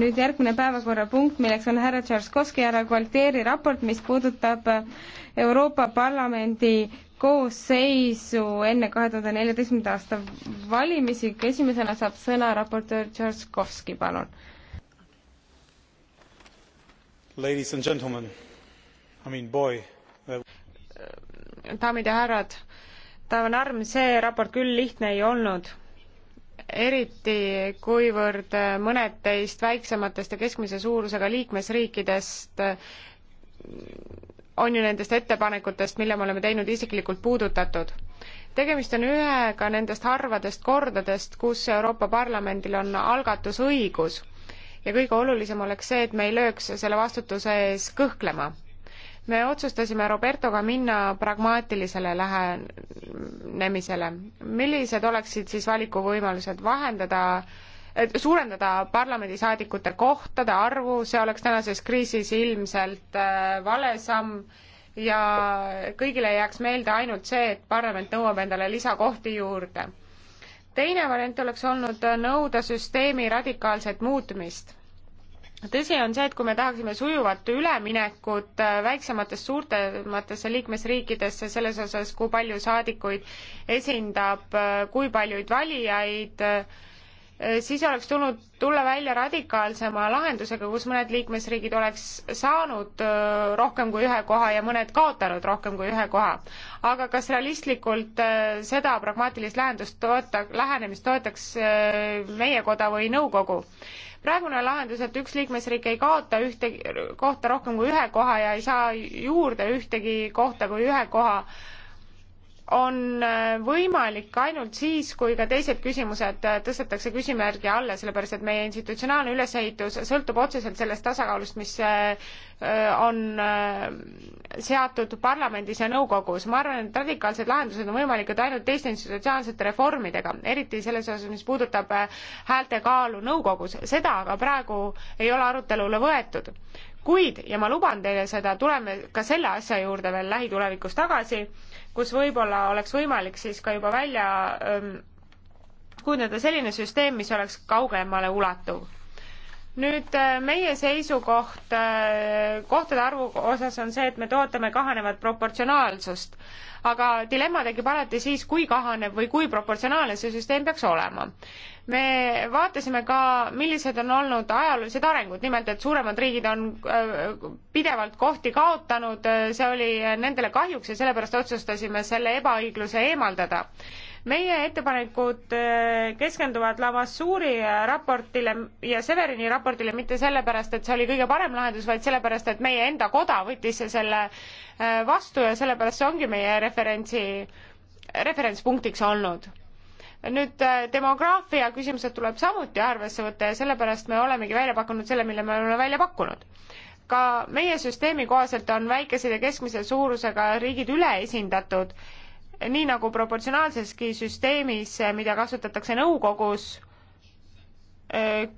nüüd järgmine päevakorrapunkt, milleks on härra Tšarskovski, härra Gualtieri raport, mis puudutab äh, Euroopa Parlamendi koosseisu enne kahe tuhande neljateistkümnenda aasta valimisi. esimesena saab sõna raportöör Tšarskovski, palun. Ladies and gentlemen, I mean boy. Uh, äh, daamid ja härrad, ta on arm, see raport küll lihtne ei olnud eriti kuivõrd mõned teist väiksematest ja keskmise suurusega liikmesriikidest on ju nendest ettepanekutest, mille me oleme teinud, isiklikult puudutatud. tegemist on ühega nendest harvadest kordadest, kus Euroopa Parlamendil on algatusõigus ja kõige olulisem oleks see, et me ei lööks selle vastutuse ees kõhklema me otsustasime Robertoga minna pragmaatilisele lähenemisele. millised oleksid siis valikuvõimalused vahendada suurendada parlamendisaadikute kohtade arvu, see oleks tänases kriisis ilmselt äh, vale samm ja kõigile jääks meelde ainult see, et parlament nõuab endale lisakohti juurde. teine variant oleks olnud nõuda süsteemi radikaalset muutmist tõsi on see, et kui me tahaksime sujuvat üleminekut äh, väiksematest suurtematesse liikmesriikidesse selles osas, kui palju saadikuid esindab, äh, kui paljuid valijaid, äh, siis oleks tulnud tulla välja radikaalsema lahendusega, kus mõned liikmesriigid oleks saanud rohkem kui ühe koha ja mõned kaotanud rohkem kui ühe koha. aga kas realistlikult seda pragmaatilist lahendust toeta-, lähenemist toetaks meie koda või nõukogu? praegune lahendus, et üks liikmesriik ei kaota ühte kohta rohkem kui ühe koha ja ei saa juurde ühtegi kohta kui ühe koha on äh, võimalik ainult siis, kui ka teised küsimused äh, tõstetakse küsimärgi alla, sellepärast et meie institutsionaalne ülesehitus sõltub otseselt sellest tasakaalust, mis äh, on seatud parlamendis ja nõukogus. ma arvan, et radikaalsed lahendused on võimalikud ainult teiste institutsionaalsete reformidega, eriti selles osas, mis puudutab häälte kaalu nõukogus. seda aga praegu ei ole arutelule võetud kuid, ja ma luban teile seda, tuleme ka selle asja juurde veel lähitulevikus tagasi, kus võib-olla oleks võimalik siis ka juba välja ähm, kujundada selline süsteem, mis oleks kaugemale ulatuv nüüd äh, meie seisukoht äh, kohtade arvu osas on see, et me toetame kahanevat proportsionaalsust. aga dilemma tekib alati siis, kui kahaneb või kui proportsionaalne see süsteem peaks olema. me vaatasime ka, millised on olnud ajaloolised arengud, nimelt et suuremad riigid on äh, pidevalt kohti kaotanud, see oli nendele kahjuks ja sellepärast otsustasime selle ebaõigluse eemaldada meie ettepanekud äh, keskenduvad Lamassuuri äh, raportile ja Severini raportile mitte sellepärast, et see oli kõige parem lahendus, vaid sellepärast, et meie enda koda võttis selle äh, vastu ja sellepärast see ongi meie referentsi, referentspunktiks olnud nüüd demograafia küsimused tuleb samuti arvesse võtta ja sellepärast me olemegi välja pakkunud selle, mille me oleme välja pakkunud. ka meie süsteemi kohaselt on väikesed ja keskmise suurusega riigid üleesindatud nii nagu proportsionaalseski süsteemis, eh, mida kasutatakse nõukogus, eh,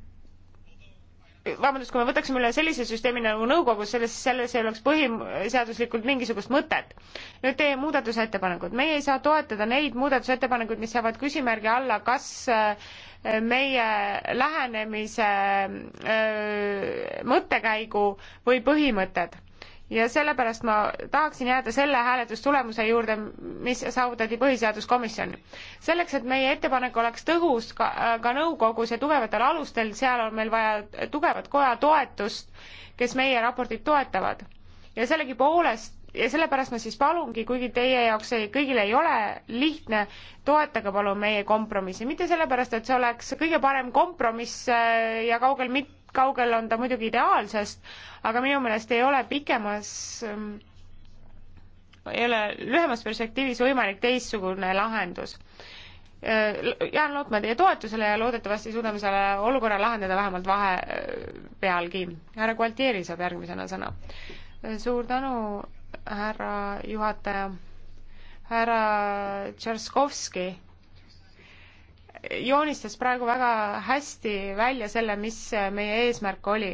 vabandust, kui me võtaksime üle sellise süsteemi nagu nõukogus, selles, selles ei oleks põhiseaduslikult mingisugust mõtet. nüüd teie muudatusettepanekud. meie ei saa toetada neid muudatusettepanekuid, mis jäävad küsimärgi alla, kas eh, meie lähenemise mõttekäigu või põhimõtted ja sellepärast ma tahaksin jääda selle hääletustulemuse juurde, mis saavutati Põhiseaduskomisjon. selleks, et meie ettepanek oleks tõhus ka, äh, ka nõukogus ja tugevatel alustel, seal on meil vaja tugevat koja toetust, kes meie raportit toetavad. ja sellegipoolest ja sellepärast ma siis palungi, kuigi teie jaoks ei, kõigil ei ole lihtne, toetage palun meie kompromissi, mitte sellepärast, et see oleks kõige parem kompromiss äh, ja kaugel mitte kaugel on ta muidugi ideaalsest, aga minu meelest ei ole pikemas mm, ei ole lühemas perspektiivis võimalik teistsugune lahendus. Äh, jään lootma teie toetusele ja loodetavasti suudame selle olukorra lahendada vähemalt vahepealgi. Äh, härra Gualtieri saab järgmisena sõna. Äh, suur tänu, härra juhataja. härra Tšerskovski joonistas praegu väga hästi välja selle, mis meie eesmärk oli.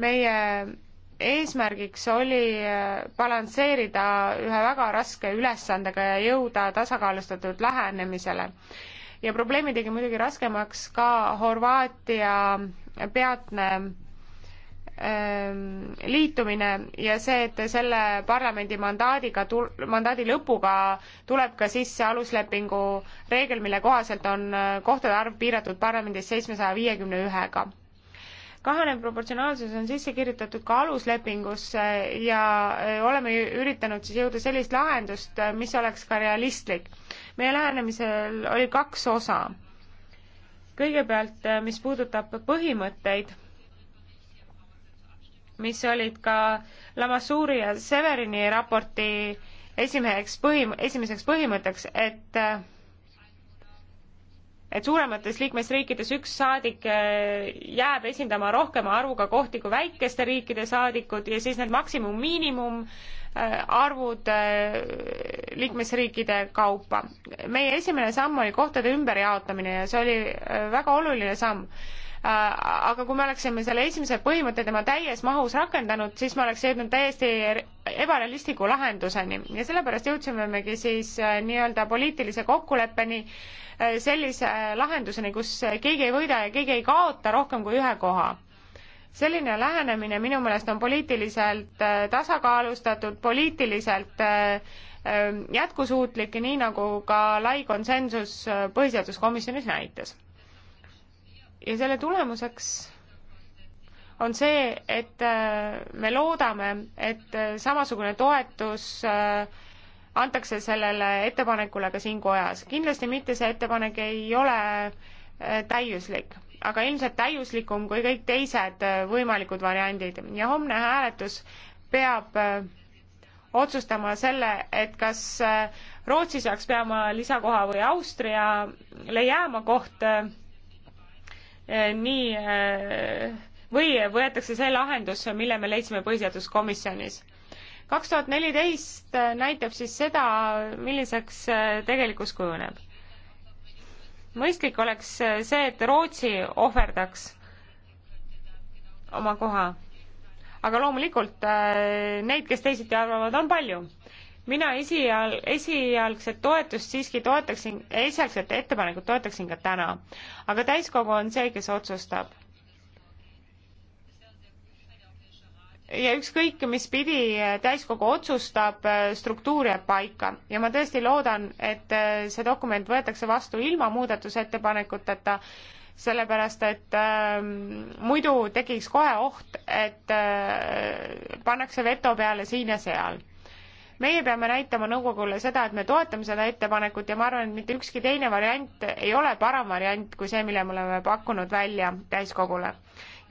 meie eesmärgiks oli äh, balansseerida ühe väga raske ülesandega ja jõuda tasakaalustatud lähenemisele. ja probleemi tegi muidugi raskemaks ka Horvaatia peatne Ähm, liitumine ja see, et selle parlamendi mandaadiga, mandaadi lõpuga tuleb ka sisse aluslepingu reegel, mille kohaselt on äh, kohtade arv piiratud parlamendis seitsmesaja viiekümne ühega kahanev proportsionaalsus on sisse kirjutatud ka aluslepingusse ja äh, oleme üritanud siis jõuda sellist lahendust, äh, mis oleks ka realistlik. meie lähenemisel oli kaks osa. kõigepealt, mis puudutab põhimõtteid mis olid ka Lamassuuri ja Severini raporti esimeheks põhim-, esimeseks põhimõtteks, et et suuremates liikmesriikides üks saadik äh, jääb esindama rohkema arvuga kohti kui väikeste riikide saadikud ja siis need maksimum-miinimum äh, arvud äh, liikmesriikide kaupa. meie esimene samm oli kohtade ümberjaotamine ja see oli väga oluline samm Äh, aga kui me oleksime selle esimese põhimõtte tema täies mahus rakendanud, siis me oleks jõudnud täiesti er-, ebarealistliku lahenduseni ja sellepärast jõudsimegi siis äh, nii-öelda poliitilise kokkuleppeni, äh, sellise lahenduseni, kus keegi ei võida ja keegi ei kaota rohkem kui ühe koha selline lähenemine minu meelest on poliitiliselt tasakaalustatud, poliitiliselt jätkusuutlik ja nii, nagu ka lai konsensus põhiseaduskomisjonis näitas ja selle tulemuseks on see, et äh, me loodame, et äh, samasugune toetus äh, antakse sellele ettepanekule ka siin kojas. kindlasti mitte see ettepanek ei ole täiuslik, aga ilmselt täiuslikum kui kõik teised võimalikud variandid ja homne hääletus peab otsustama selle, et kas Rootsi saaks peama lisakoha või Austriale jääma koht Eh, nii eh, või võetakse see lahendus, mille me leidsime põhiseaduskomisjonis. kaks tuhat neliteist näitab siis seda, milliseks eh, tegelikkus kujuneb. mõistlik oleks see, et Rootsi ohverdaks oma koha. aga loomulikult neid, kes teisiti arvavad, on palju mina esial-, esialgset toetust siiski toetaksin, esialgset ettepanekut toetaksin ka täna. aga täiskogu on see, kes otsustab. ja ükskõik, mis pidi eh, täiskogu otsustab, eh, struktuur jääb paika ja ma tõesti loodan, et eh, see dokument võetakse vastu ilma muudatusettepanekuteta, sellepärast et äh, muidu tekiks kohe oht, et äh, pannakse veto peale siin ja seal meie peame näitama nõukogule seda, et me toetame seda ettepanekut ja ma arvan, et mitte ükski teine variant ei ole parem variant kui see, mille me oleme pakkunud välja täiskogule.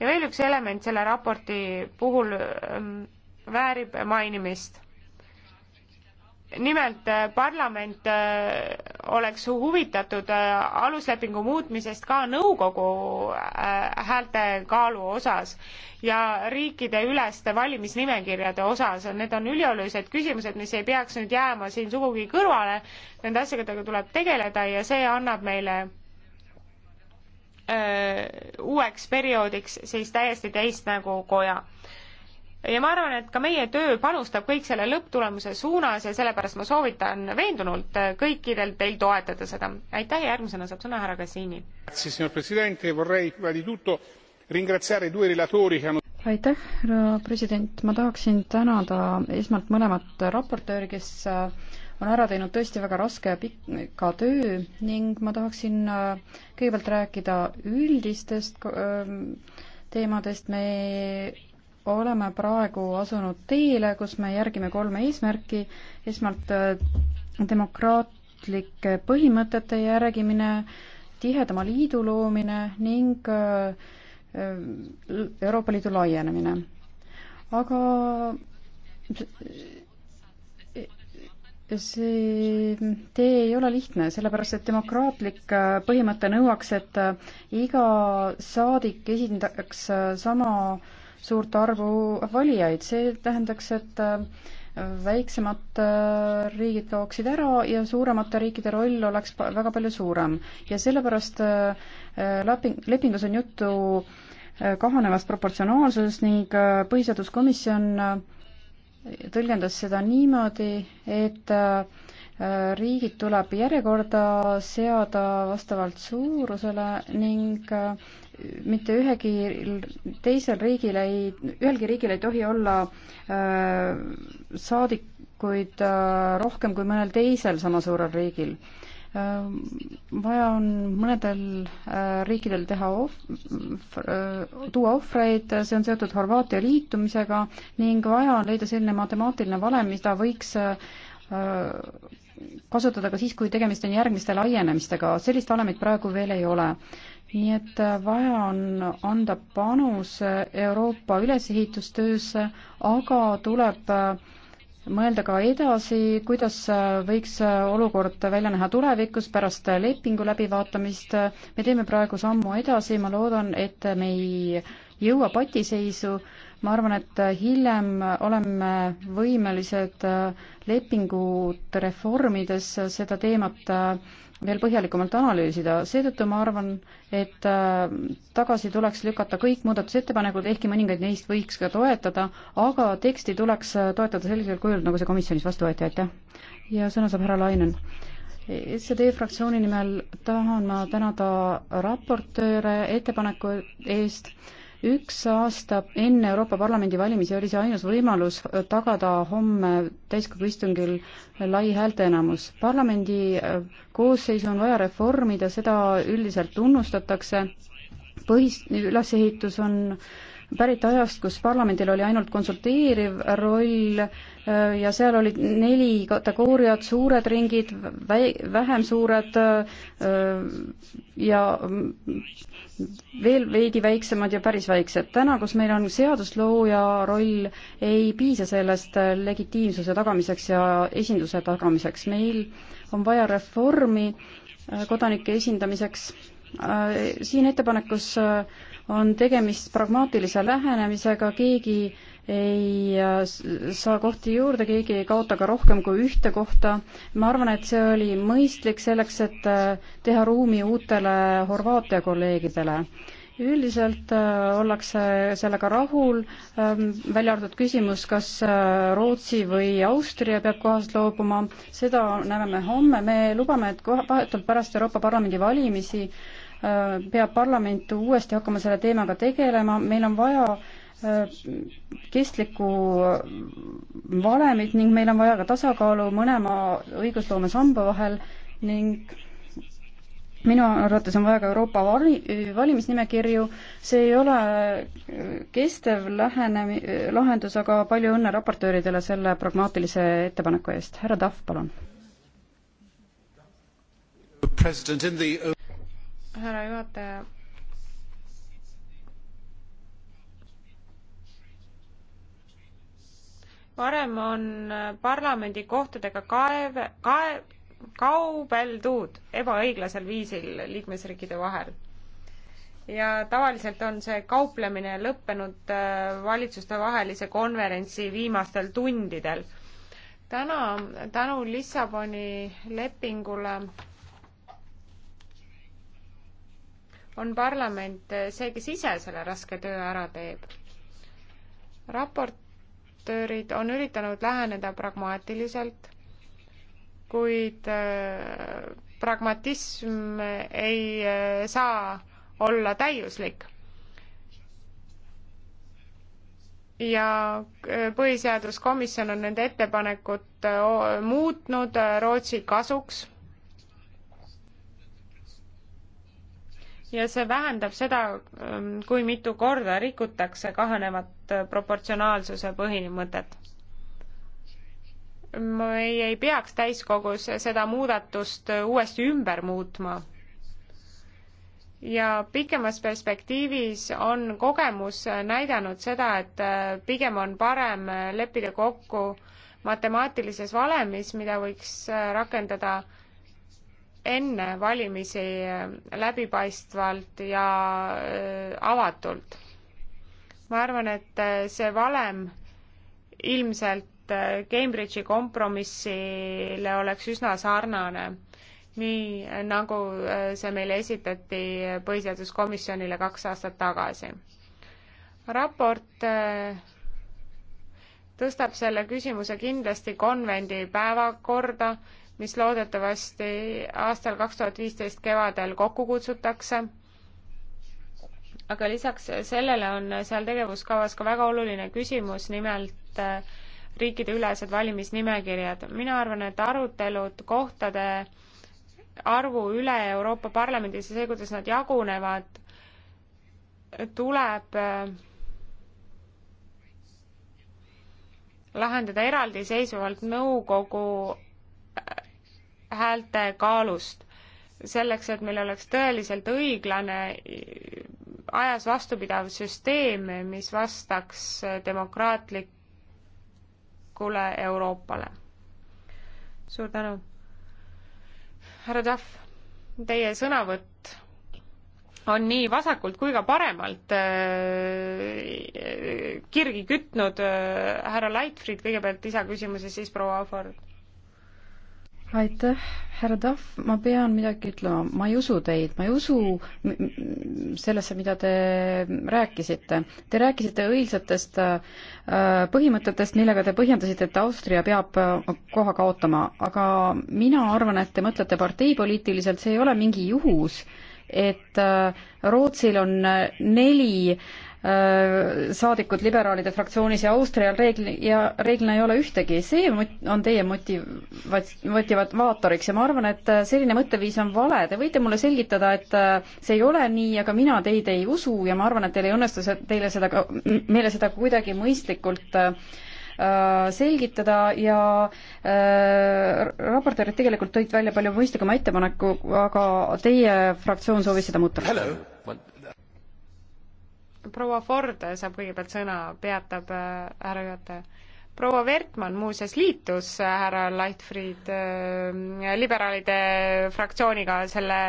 ja veel üks element selle raporti puhul ähm, väärib mainimist nimelt äh, parlament äh, oleks huvitatud äh, aluslepingu muutmisest ka nõukogu häälte kaalu osas ja riikideüleste valimisnimekirjade osas. Need on üliolulised küsimused, mis ei peaks nüüd jääma siin sugugi kõrvale. Nende asjadega tuleb tegeleda ja see annab meile öö, uueks perioodiks siis täiesti teist nägu koja ja ma arvan, et ka meie töö panustab kõik selle lõpptulemuse suunas ja sellepärast ma soovitan veendunult äh, kõikidel teil toetada seda. aitäh ja järgmisena saab sõna härra Kassiini. aitäh, härra president, ma tahaksin tänada esmalt mõlemat raportööri, kes äh, on ära teinud tõesti väga raske ja pika töö ning ma tahaksin äh, kõigepealt rääkida üldistest ähm, teemadest, me oleme praegu asunud teele, kus me järgime kolme eesmärki. esmalt äh, demokraatlike põhimõtete järgimine, tihedama liidu loomine ning äh, äh, Euroopa Liidu laienemine. aga see tee ei ole lihtne, sellepärast et demokraatlik põhimõte nõuaks, et iga saadik esindaks sama äh, suurt arvu valijaid, see tähendaks, et äh, väiksemad äh, riigid kaoksid ära ja suuremate riikide roll oleks väga palju suurem. ja sellepärast äh, leping, lepingus on juttu kahanevast proportsionaalsusest ning Põhiseaduskomisjon tõlgendas seda niimoodi, et riigid tuleb järjekorda seada vastavalt suurusele ning mitte ühegi teisel riigil ei, ühelgi riigil ei tohi olla äh, saadikuid äh, rohkem kui mõnel teisel sama suurel riigil äh,. vaja on mõnedel äh, riikidel teha ohv- äh,, tuua ohvreid, see on seotud Horvaatia liitumisega ning vaja on leida selline matemaatiline valem, mida võiks äh, kasutada ka siis, kui tegemist on järgmiste laienemistega, sellist valemit praegu veel ei ole nii et äh, vaja on anda panus äh, Euroopa ülesehitustöösse, aga tuleb äh, mõelda ka edasi, kuidas võiks olukord välja näha tulevikus pärast lepingu läbivaatamist. me teeme praegu sammu edasi, ma loodan, et me ei jõua patiseisu ma arvan, et hiljem oleme võimelised lepingut reformides seda teemat veel põhjalikumalt analüüsida, seetõttu ma arvan, et tagasi tuleks lükata kõik muudatusettepanekud, ehkki mõningaid neist võiks ka toetada, aga teksti tuleks toetada sellisel kujul, nagu see komisjonis vastu võeti, aitäh. ja sõna saab härra Lainen. SED fraktsiooni nimel tahan ma tänada raportööre ettepaneku eest üks aasta enne Euroopa Parlamendi valimisi oli see ainus võimalus tagada homme täiskogu istungil lai häälteenamus. parlamendi äh, koosseisu on vaja reformida, seda üldiselt tunnustatakse, põhis-, ülesehitus on pärit ajast, kus parlamendil oli ainult konsulteeriv roll Äh, ja seal oli neli kategooriat, suured ringid, vähem suured äh, ja veel veidi väiksemad ja päris väiksed. täna, kus meil on seaduslooja roll, ei piisa sellest legitiimsuse tagamiseks ja esinduse tagamiseks. meil on vaja reformi äh, kodanike esindamiseks. siin ettepanekus on tegemist pragmaatilise lähenemisega, keegi ei äh, saa kohti juurde, keegi ei kaota ka rohkem kui ühte kohta. ma arvan, et see oli mõistlik selleks, et äh, teha ruumi uutele Horvaatia kolleegidele üldiselt äh, ollakse sellega rahul, ähm, välja arvatud küsimus, kas Rootsi või Austria peab kohast loobuma, seda näeme me homme, me lubame, et kohe, vahetult pärast Euroopa Parlamendi valimisi peab parlament uuesti hakkama selle teemaga tegelema, meil on vaja Äh, kestlikku äh, valemit ning meil on vaja ka tasakaalu mõlema õigusloome samba vahel ning minu arvates on vaja ka Euroopa vali, valimisnimekirju, see ei ole äh, kestev lähenemi-, lahendus, aga palju õnne raportööridele selle pragmaatilise ettepaneku eest. härra Tahv, palun. härra juhataja varem on äh, parlamendi kohtadega kaev, kaev, kaubeldud ebaõiglasel viisil liikmesriikide vahel. ja tavaliselt on see kauplemine lõppenud äh, valitsustevahelise konverentsi viimastel tundidel. täna tänu Lissaboni lepingule on parlament äh, see, kes ise selle raske töö ära teeb. raport raportöörid on üritanud läheneda pragmaatiliselt, kuid äh, pragmatism ei äh, saa olla täiuslik. ja äh, põhiseaduskomisjon on nende ettepanekut muutnud Rootsi kasuks ja see vähendab seda, ähm, kui mitu korda rikutakse kahanevat äh, proportsionaalsuse põhimõtet. me ei, ei peaks täiskogus seda muudatust äh, uuesti ümber muutma. ja pikemas perspektiivis on kogemus äh, näidanud seda, et pigem on parem leppida kokku matemaatilises valemis, mida võiks rakendada äh, enne valimisi äh, läbipaistvalt ja äh, avatult. ma arvan, et äh, see valem ilmselt Cambridge'i kompromissile oleks üsna sarnane, nii nagu see meile esitati põhiseaduskomisjonile kaks aastat tagasi. raport tõstab selle küsimuse kindlasti konvendi päevakorda mis loodetavasti aastal kaks tuhat viisteist kevadel kokku kutsutakse. aga lisaks sellele on seal tegevuskavas ka väga oluline küsimus, nimelt äh, riikideülesed valimisnimekirjad. mina arvan, et arutelud kohtade arvu üle Euroopa Parlamendis ja see, kuidas nad jagunevad, tuleb äh, lahendada eraldiseisvalt nõukogu äh, häälte kaalust. selleks, et meil oleks tõeliselt õiglane, ajas vastupidav süsteem, mis vastaks demokraatlikule Euroopale. suur tänu. härra Tahv, teie sõnavõtt on nii vasakult kui ka paremalt äh, äh, kirgi kütnud äh, härra Leitfried kõigepealt lisaküsimuses, siis proua Ahvard aitäh, härra Tahv, ma pean midagi ütlema, ma ei usu teid, ma ei usu sellesse, mida te rääkisite. Te rääkisite õilsatest äh, põhimõtetest, millega te põhjendasite, et Austria peab äh, koha kaotama, aga mina arvan, et te mõtlete parteipoliitiliselt, see ei ole mingi juhus, et äh, Rootsil on neli äh, saadikut liberaalide fraktsioonis ja Austrial reegli ja reeglina ei ole ühtegi. see on teie motivat-, motivaatoriks ja ma arvan, et äh, selline mõtteviis on vale. Te võite mulle selgitada, et äh, see ei ole nii, aga mina teid ei usu ja ma arvan, et teil ei õnnestu see, teile seda ka, meile seda kuidagi mõistlikult äh, selgitada ja äh, raportöörid tegelikult tõid välja palju mõistlikuma ettepaneku, aga teie fraktsioon soovis seda muuta proua Ford saab kõigepealt sõna, peatab äh, härra juhataja. proua Wertmann muuseas liitus äh, härra Leichtfried äh, liberaalide fraktsiooniga selle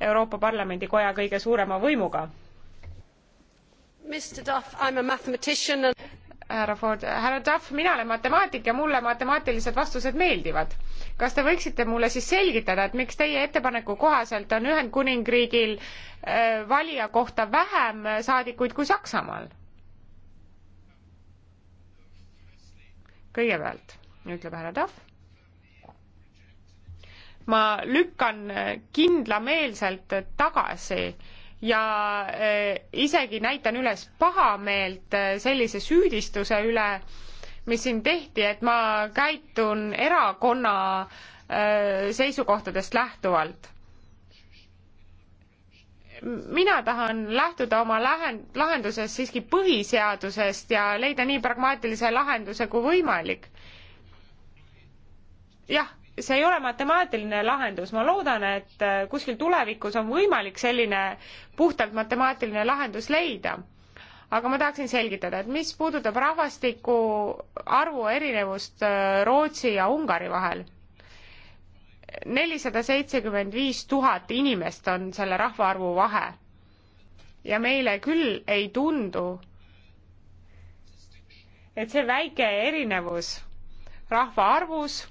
Euroopa Parlamendi koja kõige suurema võimuga. Mr Duff, I am a mathematician and härra Ford, härra Duff, mina olen matemaatik ja mulle matemaatilised vastused meeldivad. kas te võiksite mulle siis selgitada, et miks teie ettepaneku kohaselt on Ühendkuningriigil äh, valija kohta vähem saadikuid kui Saksamaal? kõigepealt, ütleb härra Duff ma lükkan kindlameelselt tagasi äh, ja eh, isegi näitan üles pahameelt eh, sellise süüdistuse üle, mis siin tehti, et ma käitun erakonna eh, seisukohtadest lähtuvalt mina tahan lähtuda oma lähen-, lahenduses siiski põhiseadusest ja leida nii pragmaatilise lahenduse kui võimalik. jah, see ei ole matemaatiline lahendus, ma loodan, et äh, kuskil tulevikus on võimalik selline puhtalt matemaatiline lahendus leida. aga ma tahaksin selgitada, et mis puudutab rahvastiku arvu erinevust äh, Rootsi ja Ungari vahel. nelisada seitsekümmend viis tuhat inimest on selle rahvaarvu vahe. ja meile küll ei tundu, et see väike erinevus rahvaarvus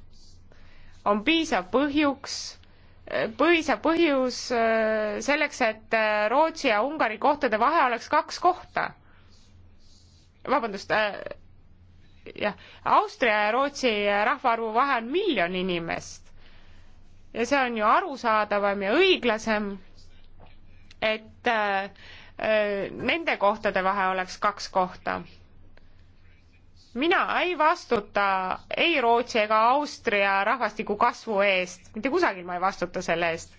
on piisav põhjuks, piisav põhjus äh, selleks, et äh, Rootsi ja Ungari kohtade vahe oleks kaks kohta. vabandust äh,, jah, Austria ja Rootsi rahvaarvu vahe on miljon inimest. ja see on ju arusaadavam ja õiglasem, et äh, äh nende kohtade vahe oleks kaks kohta mina ei vastuta ei Rootsi ega Austria rahvastiku kasvu eest, mitte kusagil ma ei vastuta selle eest.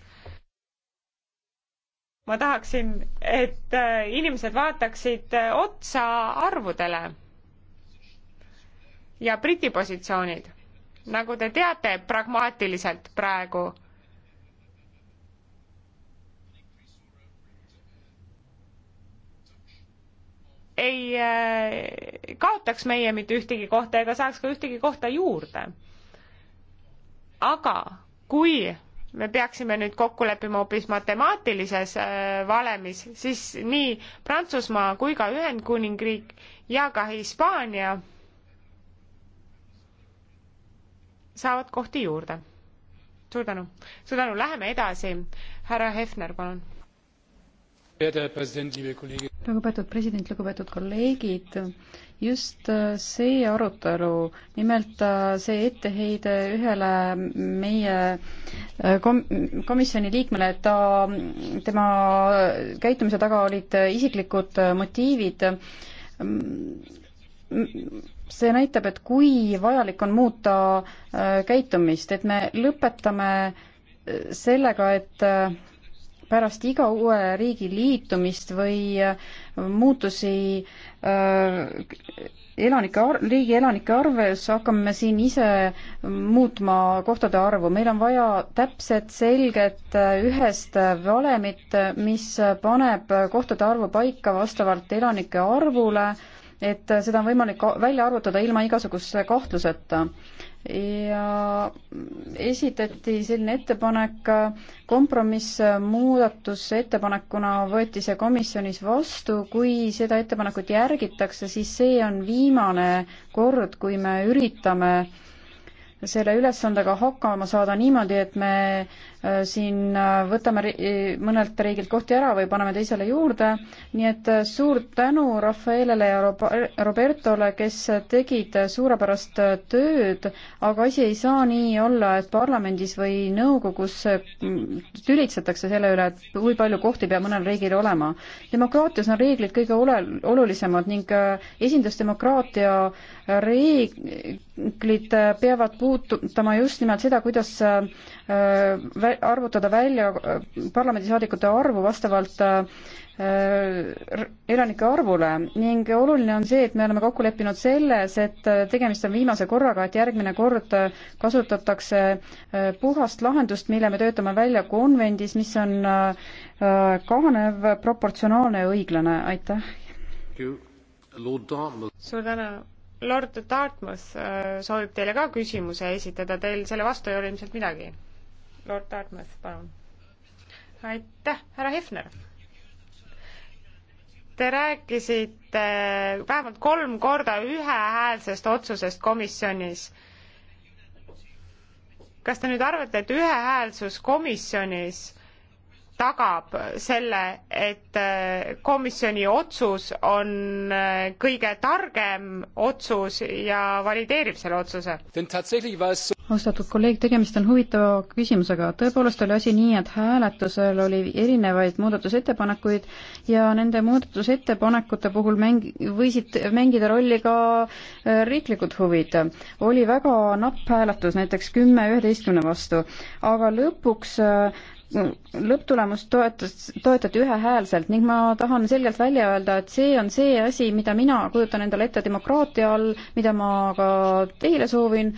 ma tahaksin, et äh, inimesed vaataksid äh, otsa arvudele ja Briti positsioonid, nagu te teate, pragmaatiliselt praegu ei äh, kaotaks meie mitte ühtegi kohta ega saaks ka ühtegi kohta juurde. aga kui me peaksime nüüd kokku leppima hoopis matemaatilises äh, valemis, siis nii Prantsusmaa kui ka Ühendkuningriik ja ka Hispaania saavad kohti juurde. suur tänu, suur tänu, läheme edasi. härra Hefner, palun lugupeetud president, lugupeetud kolleegid, just äh, see arutelu, nimelt äh, see etteheide ühele meie äh, kom-, komisjoni liikmele, et ta, tema käitumise taga olid isiklikud motiivid, mm, see näitab, et kui vajalik on muuta käitumist, et me lõpetame sellega, et pärast iga uue riigi liitumist või äh, muutusi äh, elanike ar-, riigi elanike arves hakkame siin ise muutma kohtade arvu, meil on vaja täpset, selget, äh, ühest valemit, mis paneb kohtade arvu paika vastavalt elanike arvule, et seda on võimalik välja arvutada ilma igasuguse kahtluseta ja esitati selline ettepanek, kompromiss muudatusettepanekuna võeti see komisjonis vastu, kui seda ettepanekut järgitakse, siis see on viimane kord, kui me üritame selle ülesandega hakkama saada niimoodi, et me Äh, siin äh, võtame mõnelt riigilt kohti ära või paneme teisele juurde, nii et äh, suur tänu Rafaelele ja Robertole, kes tegid suurepärast tööd, aga asi ei saa nii olla, et parlamendis või nõukogus tülitsetakse selle üle, et kui palju kohti peab mõnel riigil olema. demokraatias on reeglid kõige ole-, olulisemad ning esindusdemokraatia reeglid peavad puututama just nimelt seda, kuidas Äh, arvutada välja äh, parlamendisaadikute arvu vastavalt äh, elanike arvule ning oluline on see, et me oleme kokku leppinud selles, et tegemist on viimase korraga, et järgmine kord kasutatakse puhast lahendust, mille me töötame välja konvendis, mis on kahanev, proportsionaalne ja õiglane, aitäh. suur tänu. Lord Dartmouth soovib teile ka küsimuse esitada, teil selle vastu ei ole ilmselt midagi Lord Dartmouth, palun. aitäh, härra Hefner. Te rääkisite äh, vähemalt kolm korda ühehäälsest otsusest komisjonis. kas te nüüd arvate, et ühehäälsus komisjonis tagab selle, et äh, komisjoni otsus on äh, kõige targem otsus ja valideerib selle otsuse? austatud kolleeg, tegemist on huvitava küsimusega. tõepoolest oli asi nii, et hääletusel oli erinevaid muudatusettepanekuid ja nende muudatusettepanekute puhul mäng-, võisid mängida rolli ka äh, riiklikud huvid. oli väga napp hääletus, näiteks kümme üheteistkümne vastu, aga lõpuks äh, lõpptulemust toetas, toetati ühehäälselt ning ma tahan selgelt välja öelda, et see on see asi, mida mina kujutan endale ette demokraatia all, mida ma ka teile soovin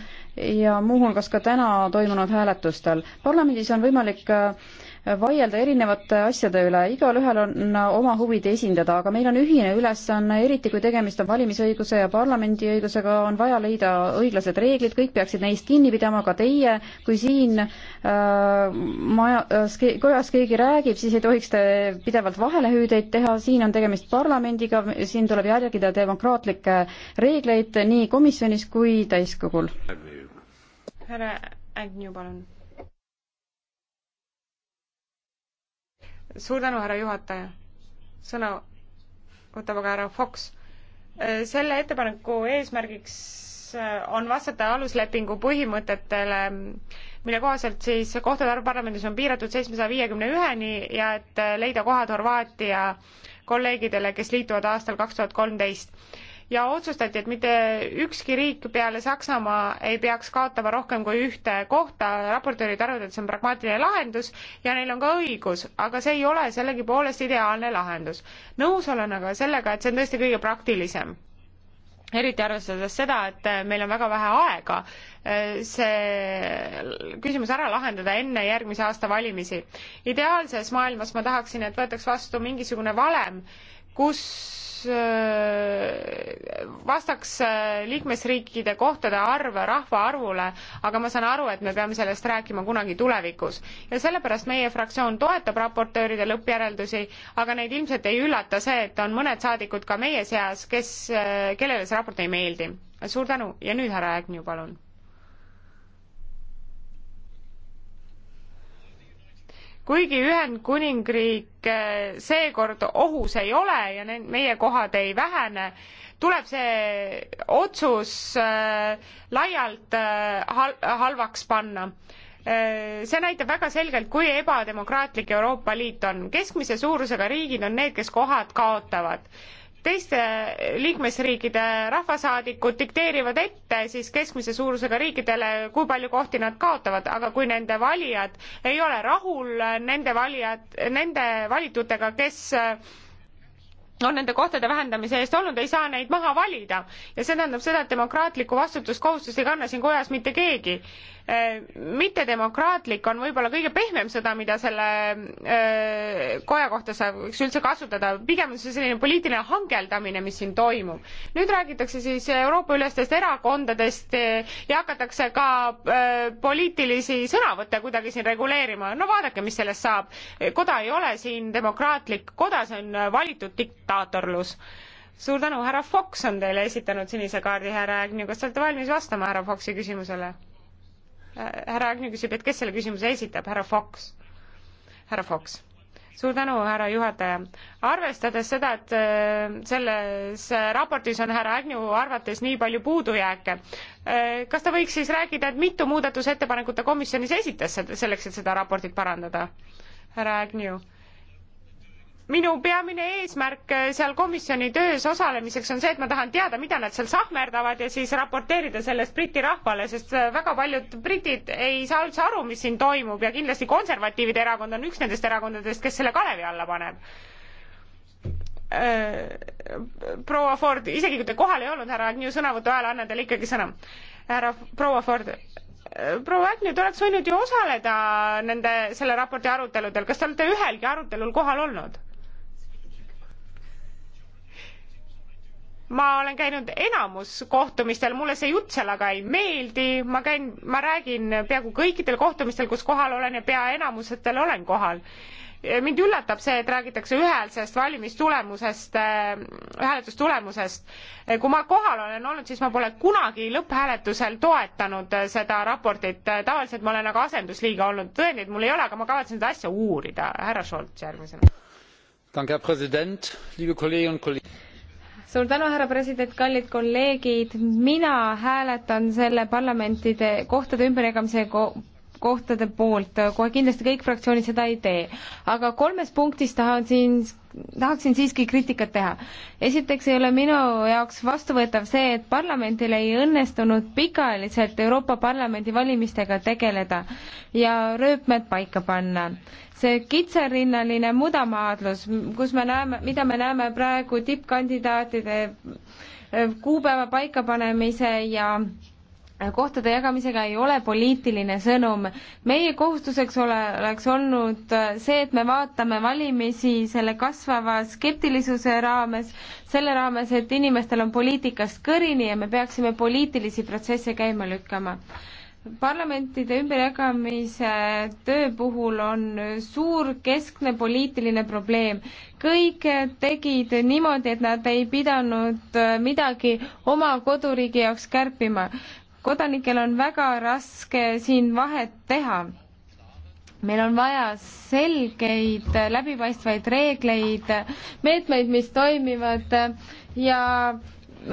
ja muuhulgas ka täna toimunud hääletustel. parlamendis on võimalik äh, vaielda erinevate asjade üle, igalühel on oma huvid esindada, aga meil on ühine ülesanne, eriti kui tegemist on valimisõiguse ja parlamendiõigusega, on vaja leida õiglased reeglid, kõik peaksid neist kinni pidama, ka teie, kui siin äh, maja äh,, kojas keegi räägib, siis ei tohiks te pidevalt vahelehüüdeid teha, siin on tegemist parlamendiga, siin tuleb järgida demokraatlikke reegleid nii komisjonis kui täiskogul. härra Agnew, palun suur tänu, härra juhataja. sõna võtab aga härra Fox. Äh, selle ettepaneku eesmärgiks äh, on vastata aluslepingu põhimõtetele, mille kohaselt siis kohtade arv parlamendis on piiratud seitsmesaja viiekümne üheni ja et äh, leida kohad Horvaatia kolleegidele, kes liituvad aastal kaks tuhat kolmteist ja otsustati, et mitte ükski riik peale Saksamaa ei peaks kaotama rohkem kui ühte kohta, raportöörid arvavad, et see on pragmaatiline lahendus ja neil on ka õigus, aga see ei ole sellegipoolest ideaalne lahendus. nõus olen aga sellega, et see on tõesti kõige praktilisem eriti arvestades seda, et meil on väga vähe aega see küsimus ära lahendada enne järgmise aasta valimisi. ideaalses maailmas ma tahaksin, et võetaks vastu mingisugune valem, kus Äh, vastaks äh, liikmesriikide kohtade arv rahvaarvule, aga ma saan aru, et me peame sellest rääkima kunagi tulevikus. ja sellepärast meie fraktsioon toetab raportööride lõppjäreldusi, aga neid ilmselt ei üllata see, et on mõned saadikud ka meie seas, kes, äh, kellele see raport ei meeldi. suur tänu ja nüüd härra Ägnu, palun kuigi Ühendkuningriik eh, seekord ohus ei ole ja meie kohad ei vähene, tuleb see otsus eh, laialt eh, hal halvaks panna. see näitab väga selgelt, kui ebademokraatlik Euroopa Liit on. keskmise suurusega riigid on need, kes kohad kaotavad teiste liikmesriikide rahvasaadikud dikteerivad ette siis keskmise suurusega riikidele, kui palju kohti nad kaotavad, aga kui nende valijad ei ole rahul nende valijad, nende valitutega, kes äh, on nende kohtade vähendamise eest olnud, ei saa neid maha valida. ja see tähendab seda, et demokraatlikku vastutuskohustust ei kanna siin kojas mitte keegi. Äh, mittedemokraatlik on võib-olla kõige pehmem sõda, mida selle äh, koja kohta saaks üldse kasutada, pigem on see selline poliitiline hangeldamine, mis siin toimub. nüüd räägitakse siis Euroopa-ülestest erakondadest äh, ja hakatakse ka poliitilisi sõnavõtte kuidagi siin reguleerima, no vaadake, mis sellest saab. koda ei ole siin demokraatlik koda, see on valitud diktaatorlus suur tänu, härra Fox on teile esitanud sinise kaardi, härra Agnew, kas te olete valmis vastama härra Foxi küsimusele? härra Agnew küsib, et kes selle küsimuse esitab, härra Fox? härra Fox suur tänu, härra juhataja. arvestades seda, et äh, selles raportis on härra Agnew arvates nii palju puudujääke, äh, kas ta võiks siis rääkida, et mitu muudatusettepanekut ta komisjonis esitas selleks, et seda raportit parandada? härra Agnew minu peamine eesmärk eh, seal komisjoni töös osalemiseks on see, et ma tahan teada, mida nad seal sahmerdavad ja siis raporteerida sellest Briti rahvale, sest eh, väga paljud britid ei saa üldse aru, mis siin toimub ja kindlasti konservatiivide erakond on üks nendest erakondadest, kes selle kalevi alla paneb. Eh, proua Ford, isegi kui te kohal ei olnud, härra Agnew sõnavõtu ajal, annan teile ikkagi sõna. härra proua Ford, proua Agnew, te oleks võinud ju osaleda nende, selle raporti aruteludel, kas te olete ühelgi arutelul kohal olnud? ma olen käinud enamus kohtumistel, mulle see jutt seal aga ei meeldi, ma käin, ma räägin peaaegu kõikidel kohtumistel, kus kohal olen ja pea enamusetel olen kohal. mind üllatab see, et räägitakse ühehäälsest valimistulemusest äh,, hääletustulemusest. kui ma kohal olen olnud, siis ma pole kunagi lõpphääletusel toetanud äh, seda raportit, tavaliselt ma olen aga asendusliige olnud, tõendeid mul ei ole, aga ma kavatsen seda asja uurida, härra Scholz järgmisena. Danke, Herr Präsident, liebe Kolleginnen und Kollegen suur tänu, härra president, kallid kolleegid, mina hääletan selle parlamentide kohtade ümberjagamise ko kohtade poolt, kohe kindlasti kõik fraktsioonid seda ei tee. aga kolmes punktis tahan siin tahaksin siiski kriitikat teha. esiteks ei ole minu jaoks vastuvõetav see, et parlamendil ei õnnestunud pikaajaliselt Euroopa Parlamendi valimistega tegeleda ja rööpmed paika panna. see kitsarinnaline mudamaadlus, kus me näeme, mida me näeme praegu tippkandidaatide kuupäeva paikapanemise ja kohtade jagamisega ei ole poliitiline sõnum. meie kohustuseks ole, oleks olnud äh, see, et me vaatame valimisi selle kasvava skeptilisuse raames, selle raames, et inimestel on poliitikast kõrini ja me peaksime poliitilisi protsesse käima lükkama parlamentide ümberjagamise töö puhul on suur keskne poliitiline probleem. kõik tegid niimoodi, et nad ei pidanud äh, midagi oma koduriigi jaoks kärpima kodanikel on väga raske siin vahet teha. meil on vaja selgeid läbipaistvaid reegleid, meetmeid, mis toimivad ja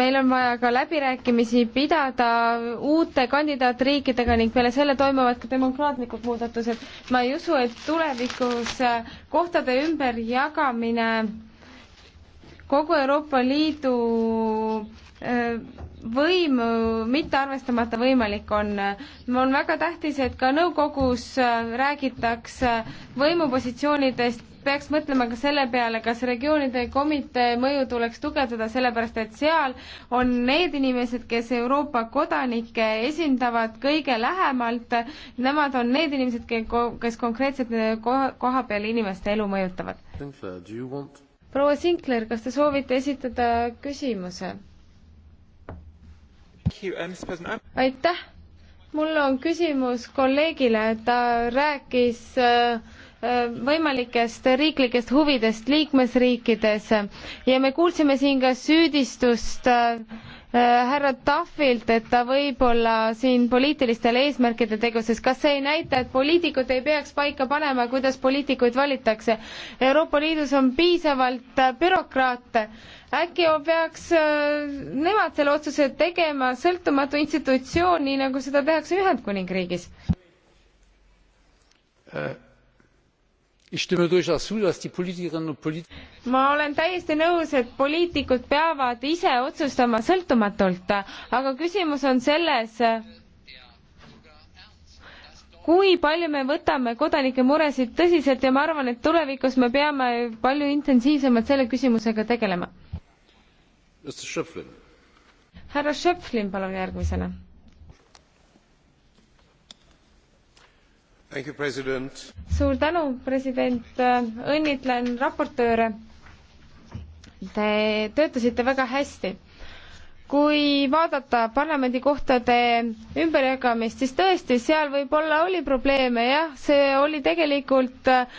meil on vaja ka läbirääkimisi pidada uute kandidaatriikidega ning peale selle toimuvad ka demokraatlikud muudatused. ma ei usu, et tulevikus kohtade ümberjagamine kogu Euroopa Liidu võimu mitte arvestamata võimalik on. on väga tähtis, et ka nõukogus äh, räägitakse võimupositsioonidest, peaks mõtlema ka selle peale, kas regioonide komitee mõju tuleks tugevdada, sellepärast et seal on need inimesed, kes Euroopa kodanikke esindavad kõige lähemalt, nemad on need inimesed, kes konkreetselt koha peal inimeste elu mõjutavad. proua Sinkler, want... kas te soovite esitada küsimuse? aitäh! mul on küsimus kolleegile, ta rääkis äh, äh, võimalikest riiklikest huvidest liikmesriikides ja me kuulsime siin ka süüdistust äh, Äh, härra Tahvilt, et ta võib-olla siin poliitilistel eesmärkidel tegutses, kas see ei näita, et poliitikud ei peaks paika panema, kuidas poliitikuid valitakse? Euroopa Liidus on piisavalt äh, bürokraate, äkki peaks äh, nemad selle otsuse tegema, sõltumatu institutsioon, nii nagu seda tehakse Ühendkuningriigis äh.? ma olen täiesti nõus, et poliitikud peavad ise otsustama sõltumatult, aga küsimus on selles, kui palju me võtame kodanike muresid tõsiselt ja ma arvan, et tulevikus me peame palju intensiivsemalt selle küsimusega tegelema. härra Schöpflin, palun järgmisena You, suur tänu, president, õnnitlen raportööre. Te töötasite väga hästi. kui vaadata parlamendikohtade ümberjagamist, siis tõesti, seal võib-olla oli probleeme, jah, see oli tegelikult äh,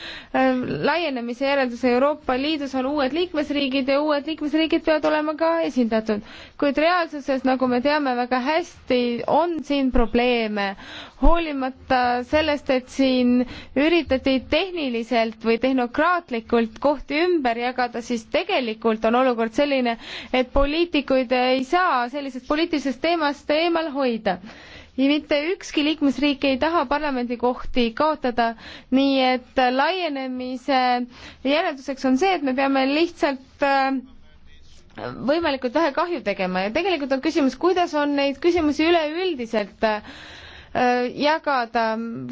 laienemise järeldus, Euroopa Liidus on uued liikmesriigid ja uued liikmesriigid peavad olema ka esindatud. kuid reaalsuses, nagu me teame väga hästi, on siin probleeme, hoolimata sellest, et siin üritati tehniliselt või tehnokraatlikult kohti ümber jagada, siis tegelikult on olukord selline, et poliitikuid ei saa sellisest poliitilisest teemast eemal hoida ja mitte ükski liikmesriik ei taha parlamendikohti kaotada, nii et laienemise järelduseks on see, et me peame lihtsalt äh, võimalikult vähe kahju tegema ja tegelikult on küsimus, kuidas on neid küsimusi üleüldiselt äh, Äh, jagada.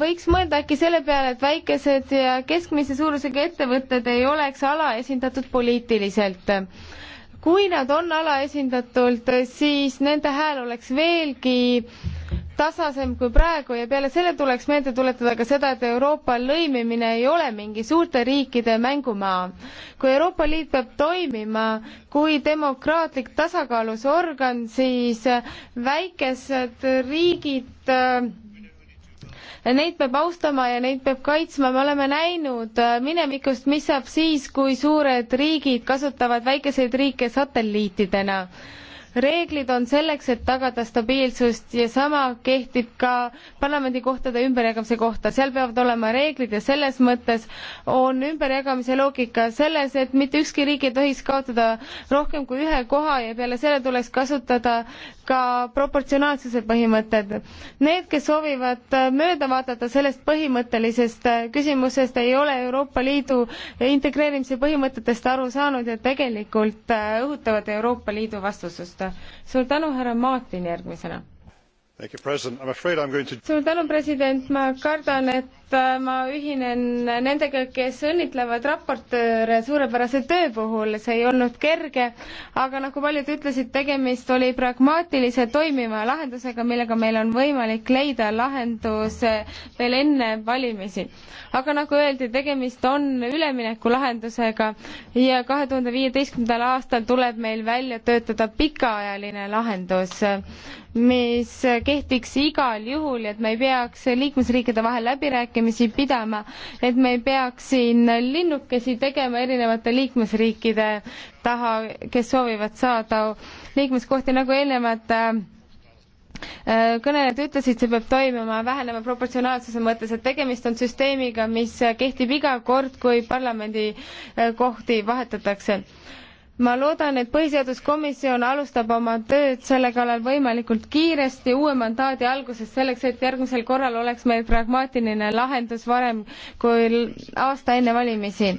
võiks mõelda äkki selle peale, et väikesed ja keskmise suurusega ettevõtted ei oleks alaesindatud poliitiliselt kui nad on alaesindatult, siis nende hääl oleks veelgi tasasem kui praegu ja peale selle tuleks meelde tuletada ka seda, et Euroopa lõimimine ei ole mingi suurte riikide mängumaa. kui Euroopa Liit peab toimima kui demokraatlik tasakaalus organ, siis väikesed riigid äh, Neid peab austama ja neid peab kaitsma, me oleme näinud äh, minevikust, mis saab siis, kui suured riigid kasutavad väikeseid riike satelliitidena reeglid on selleks, et tagada stabiilsust ja sama kehtib ka parlamendikohtade ümberjagamise kohta, seal peavad olema reeglid ja selles mõttes on ümberjagamise loogika selles, et mitte ükski riik ei tohiks kaotada rohkem kui ühe koha ja peale selle tuleks kasutada ka proportsionaalsuse põhimõtted. Need, kes soovivad mööda vaadata sellest põhimõttelisest küsimusest, ei ole Euroopa Liidu integreerimise põhimõtetest aru saanud ja tegelikult õhutavad Euroopa Liidu vastusust koostöö. suur tänu, härra Martin, järgmisena. suur tänu, president, ma kardan, et Äh, ma ühinen nendega, kes õnnitlevad raportööre suurepärase töö puhul, see ei olnud kerge, aga nagu paljud ütlesid, tegemist oli pragmaatilise toimiva lahendusega, millega meil on võimalik leida lahendus äh, veel enne valimisi. aga nagu öeldi, tegemist on üleminekulahendusega ja kahe tuhande viieteistkümnendal aastal tuleb meil välja töötada pikaajaline lahendus, mis kehtiks igal juhul ja et me ei peaks liikmesriikide vahel läbi rääkima, läbirääkimisi pidama, et me ei peaks siin linnukesi tegema erinevate liikmesriikide taha, kes soovivad saada liikmeskohti, nagu eelnevad äh, kõnelejad ütlesid, see peab toimima vähenema proportsionaalsuse mõttes, et tegemist on süsteemiga, mis kehtib iga kord, kui parlamendi äh, kohti vahetatakse ma loodan, et põhiseaduskomisjon alustab oma tööd selle kallal võimalikult kiiresti uue mandaadi alguses, selleks et järgmisel korral oleks meil pragmaatiline lahendus varem kui aasta enne valimisi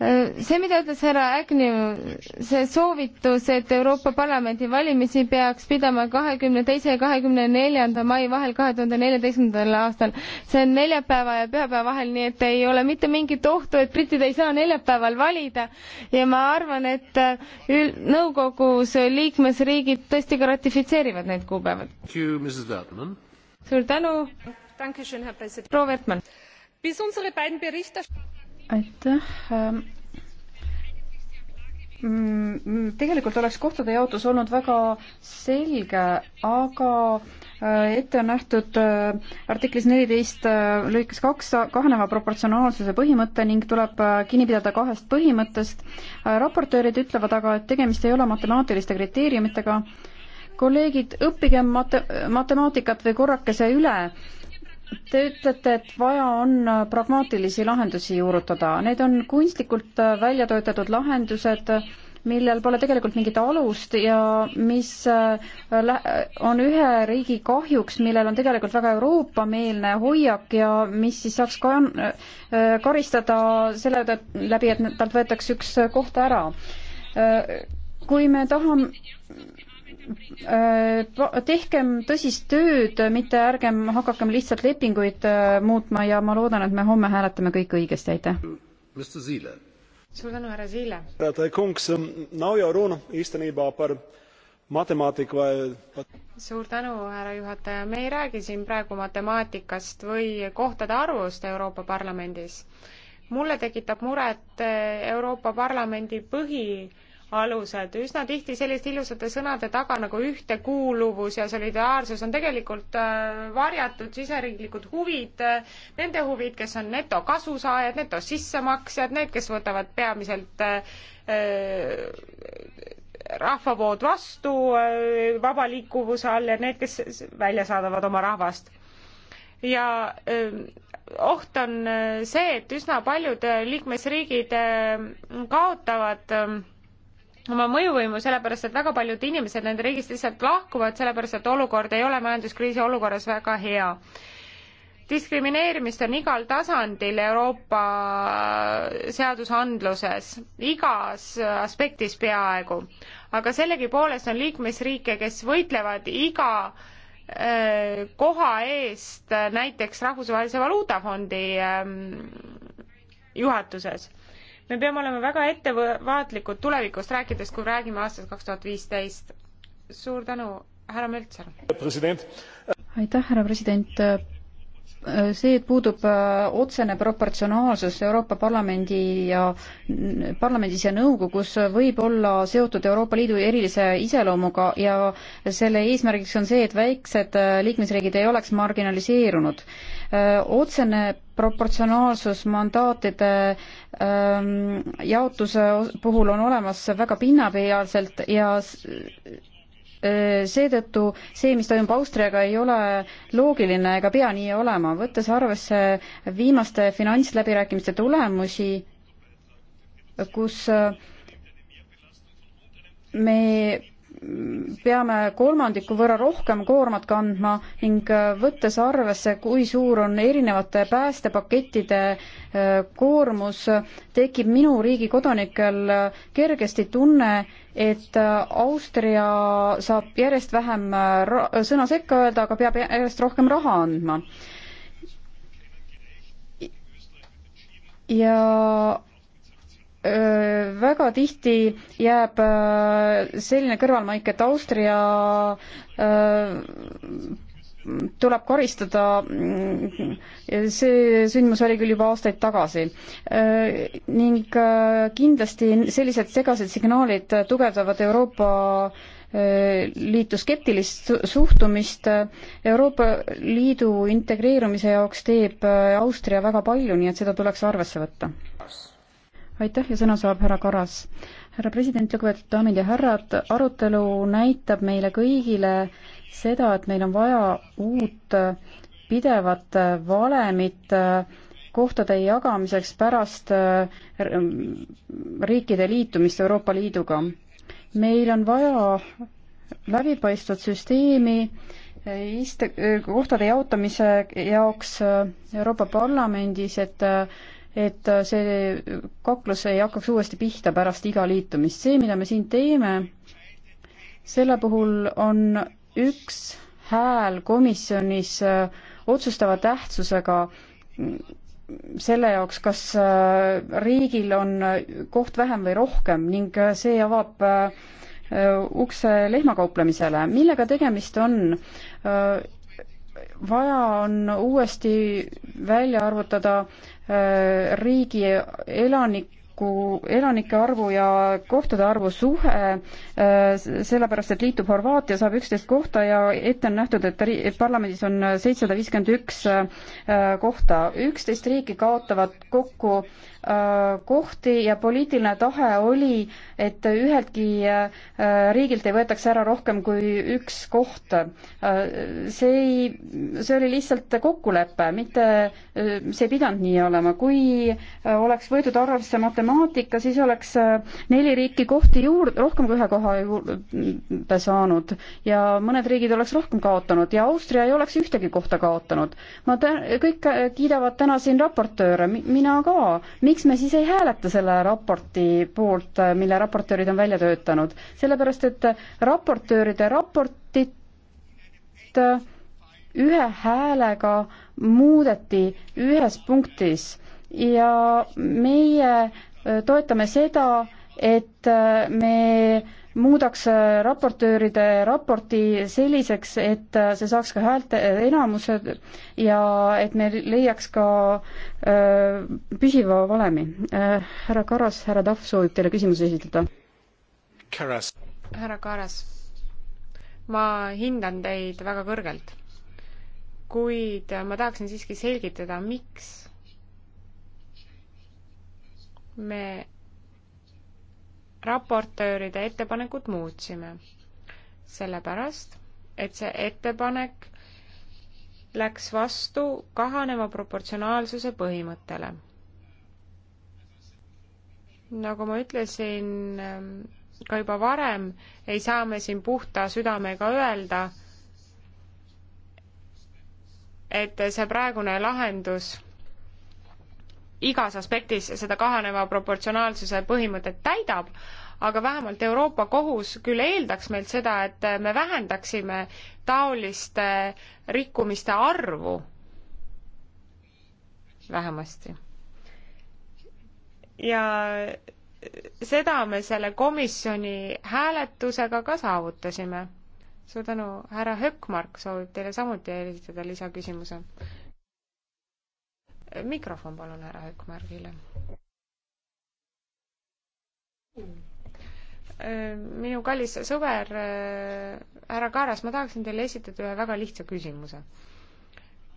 see, mida ütles härra Agnew, see soovitus, et Euroopa Parlamendi valimisi peaks pidama kahekümne teise ja kahekümne neljanda mai vahel kahe tuhande neljateistkümnendal aastal, see on neljapäeva ja pühapäeva vahel, nii et ei ole mitte mingit ohtu, et britid ei saa neljapäeval valida ja ma arvan, et äh, ül-, nõukogus liikmesriigid tõesti ka ratifitseerivad need kuupäevad. suur tänu, proua Wertmann aitäh ähm, mm, tegelikult oleks kohtade jaotus olnud väga selge, aga äh, ette on nähtud äh, artiklis neliteist äh, lõikes kaks kahaneva proportsionaalsuse põhimõte ning tuleb kinni pidada kahest põhimõttest. raportöörid ütlevad aga, et tegemist ei ole matemaatiliste kriteeriumitega. kolleegid, õppigem mate-, matemaatikat või korrake see üle Te ütlete, et vaja on äh, pragmaatilisi lahendusi juurutada. Need on kunstlikult äh, välja töötatud lahendused, millel pole tegelikult mingit alust ja mis äh, on ühe riigi kahjuks, millel on tegelikult väga Euroopa-meelne hoiak ja mis siis saaks ka karistada selle läbi, et talt võetakse üks koht ära. kui me tahame Äh, tehkem tõsist tööd, mitte ärgem hakakem lihtsalt lepinguid äh, muutma ja ma loodan, et me homme hääletame kõik õigesti, aitäh. suur tänu, härra Ziile. Ähm, suur tänu, härra juhataja, me ei räägi siin praegu matemaatikast või kohtade arvust Euroopa Parlamendis. mulle tekitab muret äh, Euroopa Parlamendi põhi alused. üsna tihti selliste ilusate sõnade taga nagu ühtekuuluvus ja solidaarsus on tegelikult äh, varjatud siseriiklikud huvid, äh, nende huvid, kes on netokasusaajad, netosissemaksjad, need, kes võtavad peamiselt äh, rahvavood vastu vaba liikuvuse all ja need, kes välja saadavad oma rahvast. ja ähm, oht on see, et üsna paljud liikmesriigid kaotavad ähm, oma mõjuvõimu, sellepärast et väga paljud inimesed nende riigist lihtsalt lahkuvad, sellepärast et olukord ei ole majanduskriisi olukorras väga hea. diskrimineerimist on igal tasandil Euroopa seadusandluses, igas aspektis peaaegu. aga sellegipoolest on liikmesriike, kes võitlevad iga äh, koha eest näiteks Rahvusvahelise Valuutafondi äh, juhatuses me peame olema väga ettevaatlikud tulevikust rääkides, kui räägime aastast kaks tuhat viisteist. suur tänu, härra Möltser. aitäh, härra president see, et puudub äh, otsene proportsionaalsus Euroopa Parlamendi ja parlamendis ja nõukogus, äh, võib olla seotud Euroopa Liidu erilise iseloomuga ja selle eesmärgiks on see, et väiksed äh, liikmesriigid ei oleks marginaliseerunud. otsene proportsionaalsus mandaatide ähm, jaotuse puhul on olemas väga pinnapealselt ja seetõttu see, mis toimub Austriaga, ei ole loogiline ega pea nii olema. võttes arvesse viimaste finantsläbirääkimiste tulemusi, kus me peame kolmandiku võrra rohkem koormat kandma ning võttes arvesse, kui suur on erinevate päästepakettide äh, koormus, tekib minu riigi kodanikel kergesti tunne, et Austria saab järjest vähem sõna sekka öelda, aga peab järjest rohkem raha andma. ja väga tihti jääb selline kõrvalmaik, et Austria tuleb karistada. see sündmus oli küll juba aastaid tagasi. ning kindlasti sellised segased signaalid tugevdavad Euroopa Liitu skeptilist suhtumist. Euroopa Liidu integreerumise jaoks teeb Austria väga palju, nii et seda tuleks arvesse võtta. aitäh ja sõna saab härra Karas. härra president, lugupeetud daamid ja härrad, arutelu näitab meile kõigile, seda, et meil on vaja uut pidevat äh, valemit äh, kohtade jagamiseks pärast äh, mm, riikide liitumist Euroopa Liiduga. meil on vaja läbipaistvat süsteemi iste-, kohtade jaotamise jaoks Euroopa Parlamendis, et et see kaklus ei hakkaks uuesti pihta pärast iga liitumist. see, mida me siin teeme, selle puhul on üks hääl komisjonis äh, otsustava tähtsusega selle jaoks, kas äh, riigil on äh, koht vähem või rohkem ning see avab ukse lehmakauplemisele. millega tegemist on? vaja on uuesti välja arvutada riigi elanik, kokku elanike arvu ja kohtade arvu suhe, äh, sellepärast et liitub Horvaatia, saab üksteist kohta ja ette on nähtud, et parlamendis on seitsesada viiskümmend üks äh, kohta. üksteist riiki kaotavad kokku Äh, kohti ja poliitiline tahe oli, et üheltki äh, riigilt ei võetaks ära rohkem kui üks koht. Äh, see ei, see oli lihtsalt kokkulepe, mitte, see ei pidanud nii olema. kui oleks võetud arvesse matemaatika, siis oleks neli riiki kohti juurde, rohkem kui ühe koha juurde saanud ja mõned riigid oleks rohkem kaotanud ja Austria ei oleks ühtegi kohta kaotanud. ma tä-, kõik kiidavad täna siin raportööre, mina ka Miks miks me siis ei hääleta selle raporti poolt, mille raportöörid on välja töötanud? sellepärast, et raportööride raportit ühe häälega muudeti ühes punktis ja meie toetame seda, et me muudaks raportööride raporti selliseks, et see saaks ka häälte enamuse ja et me leiaks ka öö, äh, püsiva valemi. Äh, härra Karas, härra Tahv soovib teile küsimuse esitada. härra Karas, ma hindan teid väga kõrgelt, kuid ma tahaksin siiski selgitada, miks me raportööride ettepanekut muutsime. sellepärast, et see ettepanek läks vastu kahaneva proportsionaalsuse põhimõttele. nagu ma ütlesin ähm, ka juba varem, ei saa me siin puhta südamega öelda, et see praegune lahendus igas aspektis seda kahaneva proportsionaalsuse põhimõtet täidab, aga vähemalt Euroopa Kohus küll eeldaks meilt seda, et me vähendaksime taoliste rikkumiste arvu vähemasti. ja seda me selle komisjoni hääletusega ka saavutasime. suur tänu, härra Höökmark soovib teile samuti esitada lisaküsimuse mikrofon palun härra Hökmärgile. Äh, minu kallis sõber äh, härra Kaaras, ma tahaksin teile esitada ühe väga lihtsa küsimuse.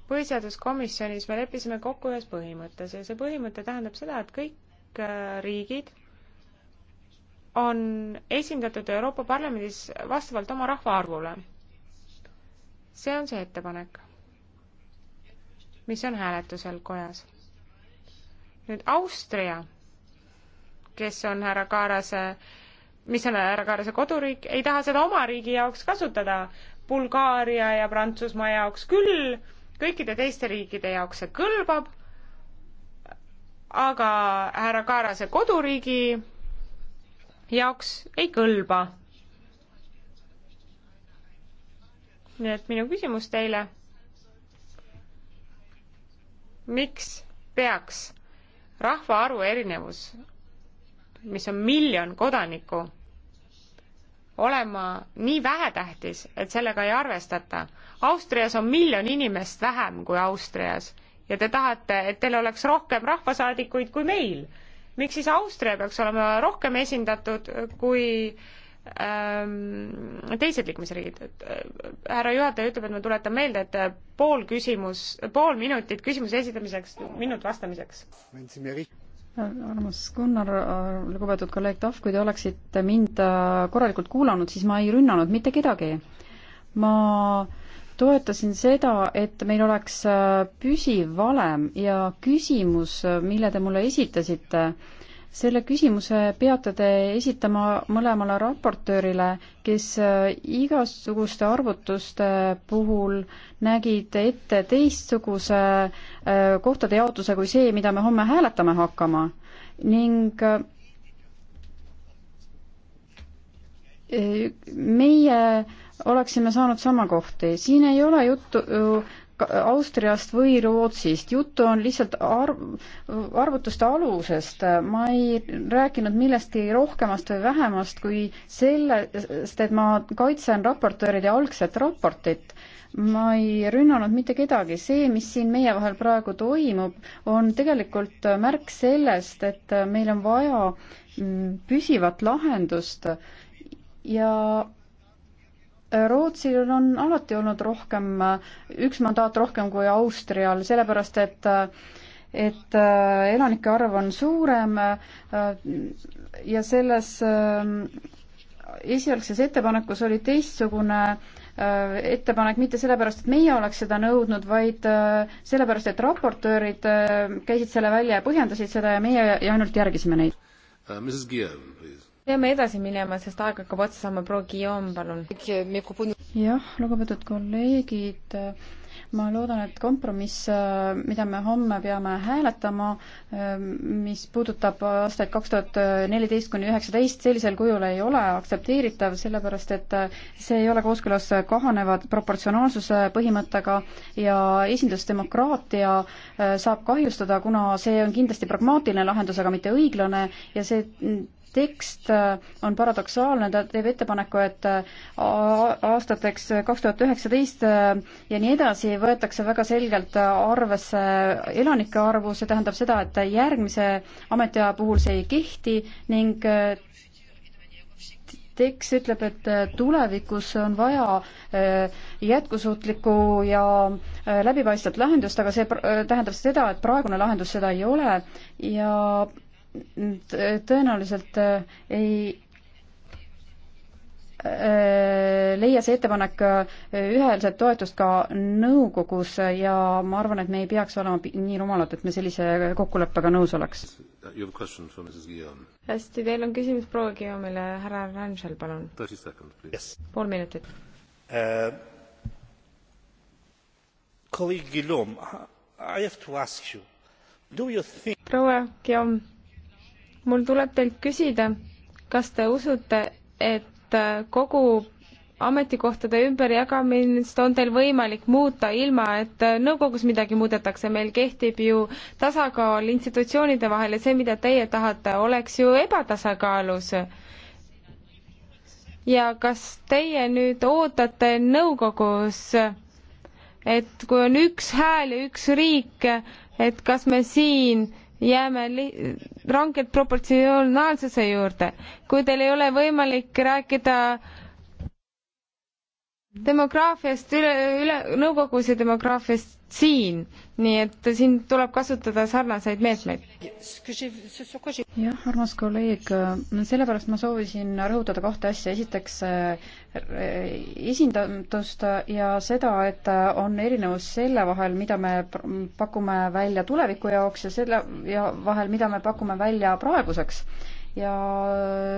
põhiseaduskomisjonis me leppisime kokku ühes põhimõttes ja see põhimõte tähendab seda, et kõik äh, riigid on esindatud Euroopa Parlamendis vastavalt oma rahvaarvule. see on see ettepanek mis on hääletusel kojas. nüüd Austria, kes on härra Kaarase, mis on härra Kaarase koduriik, ei taha seda oma riigi jaoks kasutada, Bulgaaria ja Prantsusmaa jaoks küll, kõikide teiste riikide jaoks see kõlbab, aga härra Kaarase koduriigi jaoks ei kõlba. nii et minu küsimus teile miks peaks rahvaarvu erinevus, mis on miljon kodanikku, olema nii vähetähtis, et sellega ei arvestata. Austrias on miljon inimest vähem kui Austrias ja te tahate, et teil oleks rohkem rahvasaadikuid kui meil. miks siis Austria peaks olema rohkem esindatud kui äh, Ehm, teised liikmesriigid, et äh, härra juhataja ütleb, et ma tuletan meelde, et äh, pool küsimus, pool minutit küsimuse esitamiseks, minut vastamiseks. Äh, armas Gunnar, lugupeetud kolleeg Tahv, kui te oleksite mind korralikult kuulanud, siis ma ei rünnanud mitte kedagi. ma toetasin seda, et meil oleks püsiv valem ja küsimus, mille te mulle esitasite, selle küsimuse peate te esitama mõlemale raportöörile, kes äh, igasuguste arvutuste puhul nägid ette teistsuguse äh, kohtade jaotuse kui see, mida me homme hääletama hakkama ning äh, meie oleksime saanud sama kohti, siin ei ole juttu Austriast või Rootsist, juttu on lihtsalt arv, arvutuste alusest, ma ei rääkinud millestki rohkemast või vähemast kui sellest, et ma kaitsen raportööride algset raportit. ma ei rünnanud mitte kedagi, see, mis siin meie vahel praegu toimub, on tegelikult märk sellest, et meil on vaja mm, püsivat lahendust ja Rootsil on alati olnud rohkem, üks mandaat rohkem kui Austrial, sellepärast et et äh, elanike arv on suurem äh, ja selles äh, esialgses ettepanekus oli teistsugune ettepanek mitte sellepärast, et meie oleks seda nõudnud, vaid sellepärast, et raportöörid käisid selle välja ja põhjendasid seda ja meie ja ainult järgisime neid. Mrs Guillaume, please peame edasi minema, sest aeg hakkab otsa saama. proua Guillaume, palun. jah, lugupeetud kolleegid, ma loodan, et kompromiss, mida me homme peame hääletama, mis puudutab aastaid kaks tuhat neliteist kuni üheksateist, sellisel kujul ei ole aktsepteeritav, sellepärast et see ei ole kooskõlas kahaneva proportsionaalsuse põhimõttega ja esindusdemokraatia saab kahjustada, kuna see on kindlasti pragmaatiline lahendus, aga mitte õiglane ja see tekst äh, on paradoksaalne, ta teeb ettepaneku, et äh, aastateks kaks tuhat üheksateist äh, ja nii edasi võetakse väga selgelt arvesse elanike arvu, see tähendab seda, et järgmise ametiaja puhul see ei kehti ning tekst ütleb, et tulevikus on vaja jätkusuutlikku ja läbipaistvat lahendust, aga see tähendab seda, et praegune lahendus seda ei ole ja tõenäoliselt äh, ei äh, leia see ettepanek äh, üheselt toetust ka nõukogus ja ma arvan, et me ei peaks olema nii rumalad, et me sellise kokkuleppega nõus oleks. hästi, teil on küsimus proua Guillaume'ile, härra Randšel, palun. Yes. pool minutit uh,. kolleeg Guillaume, I have to ask you, do you think proua Guillaume mul tuleb teilt küsida, kas te usute, et kogu ametikohtade ümberjagamist on teil võimalik muuta ilma, et nõukogus midagi muudetakse, meil kehtib ju tasakaal institutsioonide vahel ja see, mida teie tahate, oleks ju ebatasakaalus. ja kas teie nüüd ootate nõukogus, et kui on üks hääl ja üks riik, et kas me siin jääme li-, rangelt proportsionaalsuse juurde. kui teil ei ole võimalik rääkida äh, demograafiast üle, üle, nõukogus ja demograafiast siin, nii et siin tuleb kasutada sarnaseid meetmeid. jah, armas kolleeg, sellepärast ma soovisin rõhutada kahte asja, esiteks eh, esindatust ja seda, et on erinevus selle vahel, mida me pakume välja tuleviku jaoks ja selle ja vahel, mida me pakume välja praeguseks ja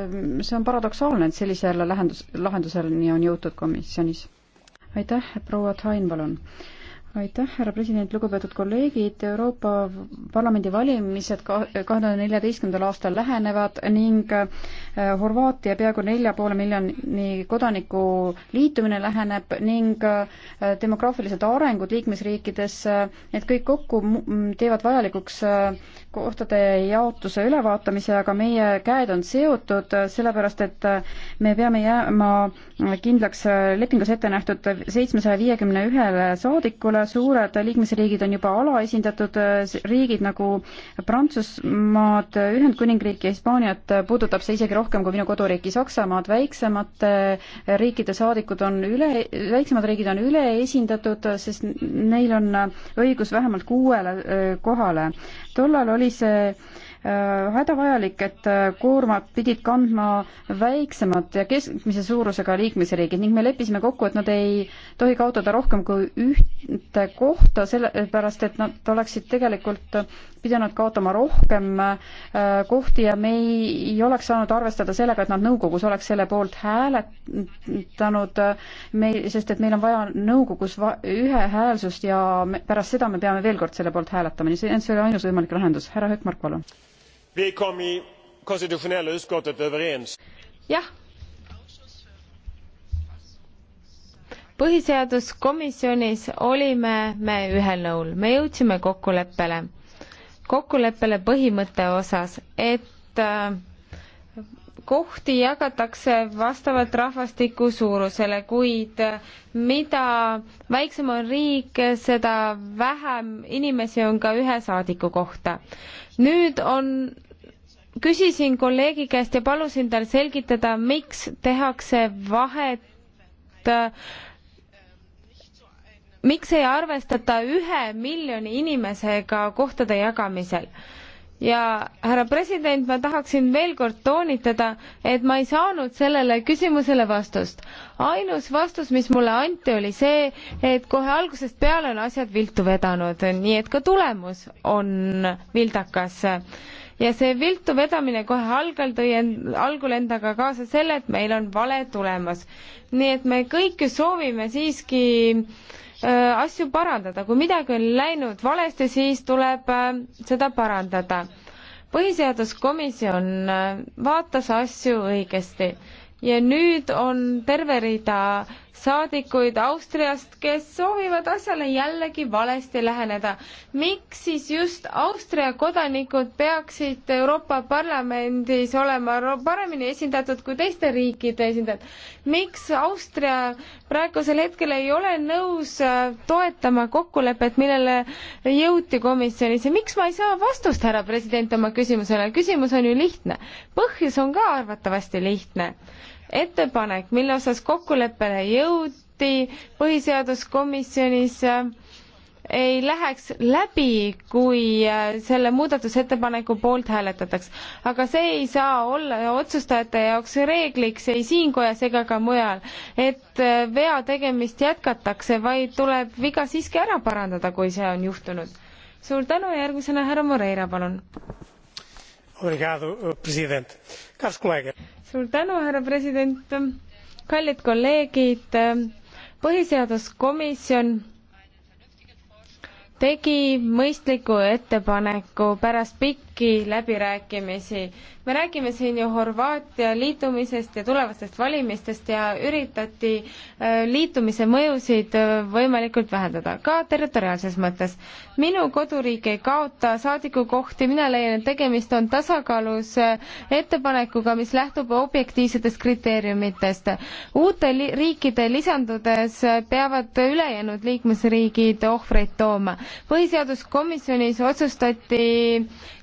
äh, see on paradoksaalne, et sellisele lähendus, lahenduseni on jõutud komisjonis. aitäh, proua Tain, palun aitäh, härra president, lugupeetud kolleegid, Euroopa Parlamendi valimised äh, kahe tuhande neljateistkümnendal aastal lähenevad ning äh, Horvaatia peaaegu nelja poole miljoni kodaniku liitumine läheneb ning demograafilised arengud liikmesriikides, need kõik kokku teevad vajalikuks kohtade jaotuse ülevaatamise, aga meie käed on seotud, sellepärast et me peame jääma kindlaks lepingus ette nähtud seitsmesaja viiekümne ühele saadikule, suured liikmesriigid on juba alaesindatud, riigid nagu Prantsusmaad, Ühendkuningriiki, Hispaaniat puudutab see isegi rohkem kui minu koduriiki Saksamaad, väiksemate riikide saadikud on üle, väiksemad riigid on üleesindatud, sest neil on õigus vähemalt kuuele kohale tollal oli see äh, hädavajalik, et äh, koormat pidid kandma väiksemad ja keskmise suurusega liikmesriigid ning me leppisime kokku, et nad ei tohi kaotada rohkem kui üht kohta, sellepärast et nad oleksid tegelikult pidanud kaotama rohkem äh, kohti ja me ei, ei oleks saanud arvestada sellega, et nad nõukogus oleks selle poolt hääletanud, me, sest et meil on vaja nõukogus va ühehäälsust ja me, pärast seda me peame veel kord selle poolt hääletama, nii see, see oli ainus võimalik lahendus. härra Hökmark, palun. jah põhiseaduskomisjonis olime me ühel nõul, me jõudsime kokkuleppele, kokkuleppele põhimõtte osas, et äh, kohti jagatakse vastavalt rahvastiku suurusele, kuid äh, mida väiksem on riik, seda vähem inimesi on ka ühe saadiku kohta. nüüd on küsisin kolleegi käest ja palusin tal selgitada, miks tehakse vahet äh, miks ei arvestata ühe miljoni inimesega kohtade jagamisel? ja härra president, ma tahaksin veel kord toonitada, et ma ei saanud sellele küsimusele vastust. ainus vastus, mis mulle anti, oli see, et kohe algusest peale on asjad viltu vedanud, nii et ka tulemus on vildakas. ja see viltu vedamine kohe algal tõi end, algul endaga kaasa selle, et meil on vale tulemus. nii et me kõik ju soovime siiski äh, Äh, asju parandada, kui midagi on läinud valesti, siis tuleb äh, seda parandada. põhiseaduskomisjon äh, vaatas asju õigesti ja nüüd on terve rida saadikuid Austriast, kes soovivad asjale jällegi valesti läheneda. miks siis just Austria kodanikud peaksid Euroopa Parlamendis olema paremini esindatud kui teiste riikide esindajad? miks Austria praegusel hetkel ei ole nõus äh, toetama kokkulepet, millele jõuti komisjonis ja miks ma ei saa vastust, härra president, oma küsimusele? küsimus on ju lihtne. põhjus on ka arvatavasti lihtne ettepanek, mille osas kokkuleppele jõuti põhiseaduskomisjonis, ei läheks läbi, kui äh, selle muudatusettepaneku poolt hääletataks. aga see ei saa olla otsustajate jaoks reegliks ei siin kojas ega ka mujal, et äh, vea tegemist jätkatakse, vaid tuleb viga siiski ära parandada, kui see on juhtunud. suur tänu ja järgmisena härra Moreira, palun Eh, suur tänu, härra president. kallid kolleegid, eh, põhiseaduskomisjon tegi mõistliku ettepaneku pärast pikki kõiki läbirääkimisi. me räägime siin ju Horvaatia liitumisest ja tulevastest valimistest ja üritati äh, liitumise mõjusid äh, võimalikult vähendada, ka territoriaalses mõttes. minu koduriik ei kaota saadikukohti, mina leian, et tegemist on tasakaalus äh, ettepanekuga, mis lähtub objektiivsetest kriteeriumitest. uute li riikide lisandudes peavad ülejäänud liikmesriigid ohvreid tooma. põhiseaduskomisjonis otsustati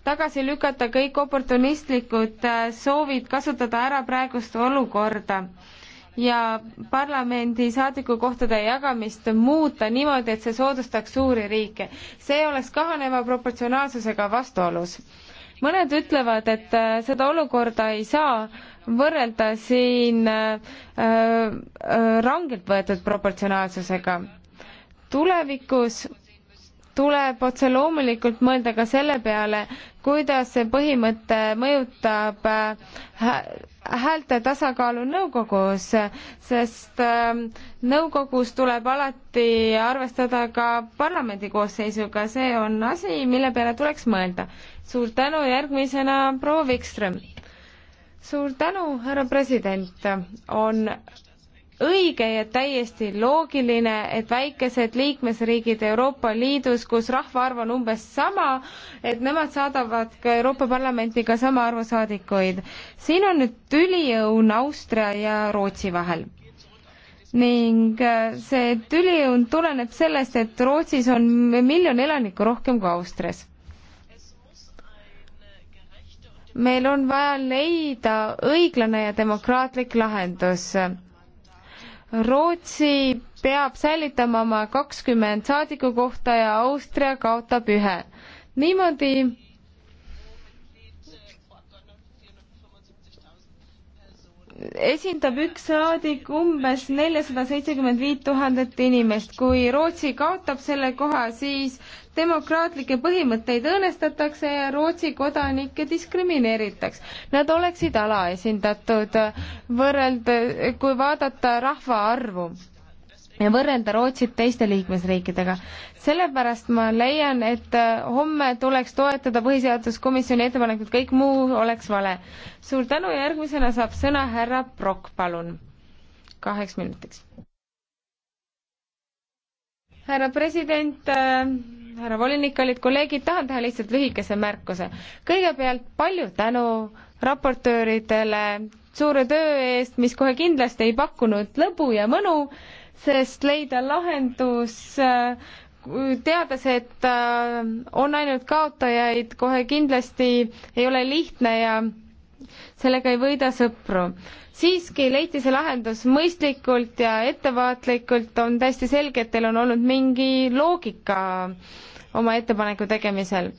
tagasi lükata kõik oportunistlikud äh, soovid kasutada ära praegust olukorda ja parlamendi saadikukohtade jagamist muuta niimoodi, et see soodustaks suuri riike. see oleks kahaneva proportsionaalsusega vastuolus. mõned ütlevad, et äh, seda olukorda ei saa võrrelda siin äh, äh, rangelt võetud proportsionaalsusega. tulevikus tuleb otse loomulikult mõelda ka selle peale, kuidas see põhimõte mõjutab äh, häälte tasakaalu nõukogus, sest ähm, nõukogus tuleb alati arvestada ka parlamendi koosseisuga, see on asi, mille peale tuleks mõelda. suur tänu, järgmisena proua Vikström. suur tänu, härra president, on õige ja täiesti loogiline, et väikesed liikmesriigid Euroopa Liidus, kus rahvaarv on umbes sama, et nemad saadavad ka Euroopa Parlamenti ka sama arvu saadikuid. siin on nüüd tüliõun Austria ja Rootsi vahel ning äh, see tüliõun tuleneb sellest, et Rootsis on miljon elanikku rohkem kui Austrias meil on vaja leida õiglane ja demokraatlik lahendus. Rootsi peab säilitama oma kakskümmend saadikukohta ja Austria kaotab ühe. niimoodi esindab üks saadik umbes neljasada seitsekümmend viit tuhandet inimest. kui Rootsi kaotab selle koha, siis demokraatlikke põhimõtteid õõnestatakse ja Rootsi kodanikke diskrimineeritakse. Nad oleksid alaesindatud võrrelda, kui vaadata rahvaarvu ja võrrelda Rootsit teiste liikmesriikidega. sellepärast ma leian, et homme tuleks toetada põhiseaduskomisjoni ettepanekut, kõik muu oleks vale. suur tänu, järgmisena saab sõna härra Prokk, palun. kaheks minutiks. härra president äh,, härra volinik, kallid kolleegid, tahan teha lihtsalt lühikese märkuse. kõigepealt palju tänu raportööridele suure töö eest, mis kohe kindlasti ei pakkunud lõbu ja mõnu, sest leida lahendus äh, teades, et äh, on ainult kaotajaid, kohe kindlasti ei ole lihtne ja sellega ei võida sõpru siiski leiti see lahendus mõistlikult ja ettevaatlikult, on täiesti selge, et teil on olnud mingi loogika oma ettepaneku tegemisel.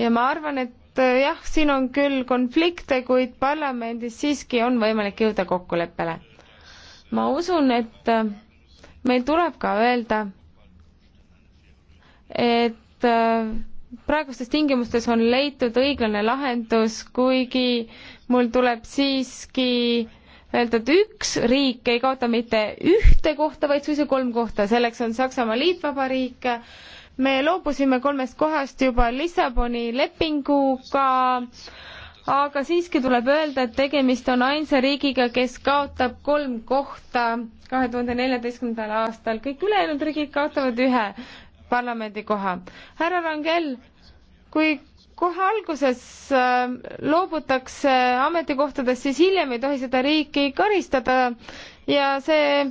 ja ma arvan, et äh, jah, siin on küll konflikte, kuid parlamendis siiski on võimalik jõuda kokkuleppele. ma usun, et äh, meil tuleb ka öelda, et äh, praegustes tingimustes on leitud õiglane lahendus, kuigi mul tuleb siiski öelda, et üks riik ei kaota mitte ühte kohta, vaid suisa kolm kohta, selleks on Saksamaa Liitvabariik. me loobusime kolmest kohast juba Lissaboni lepinguga, aga siiski tuleb öelda, et tegemist on ainsa riigiga, kes kaotab kolm kohta kahe tuhande neljateistkümnendal aastal, kõik ülejäänud riigid kaotavad ühe parlamendikoha. härra Rangel, kui kohe alguses äh, loobutakse ametikohtadest, siis hiljem ei tohi seda riiki karistada ja see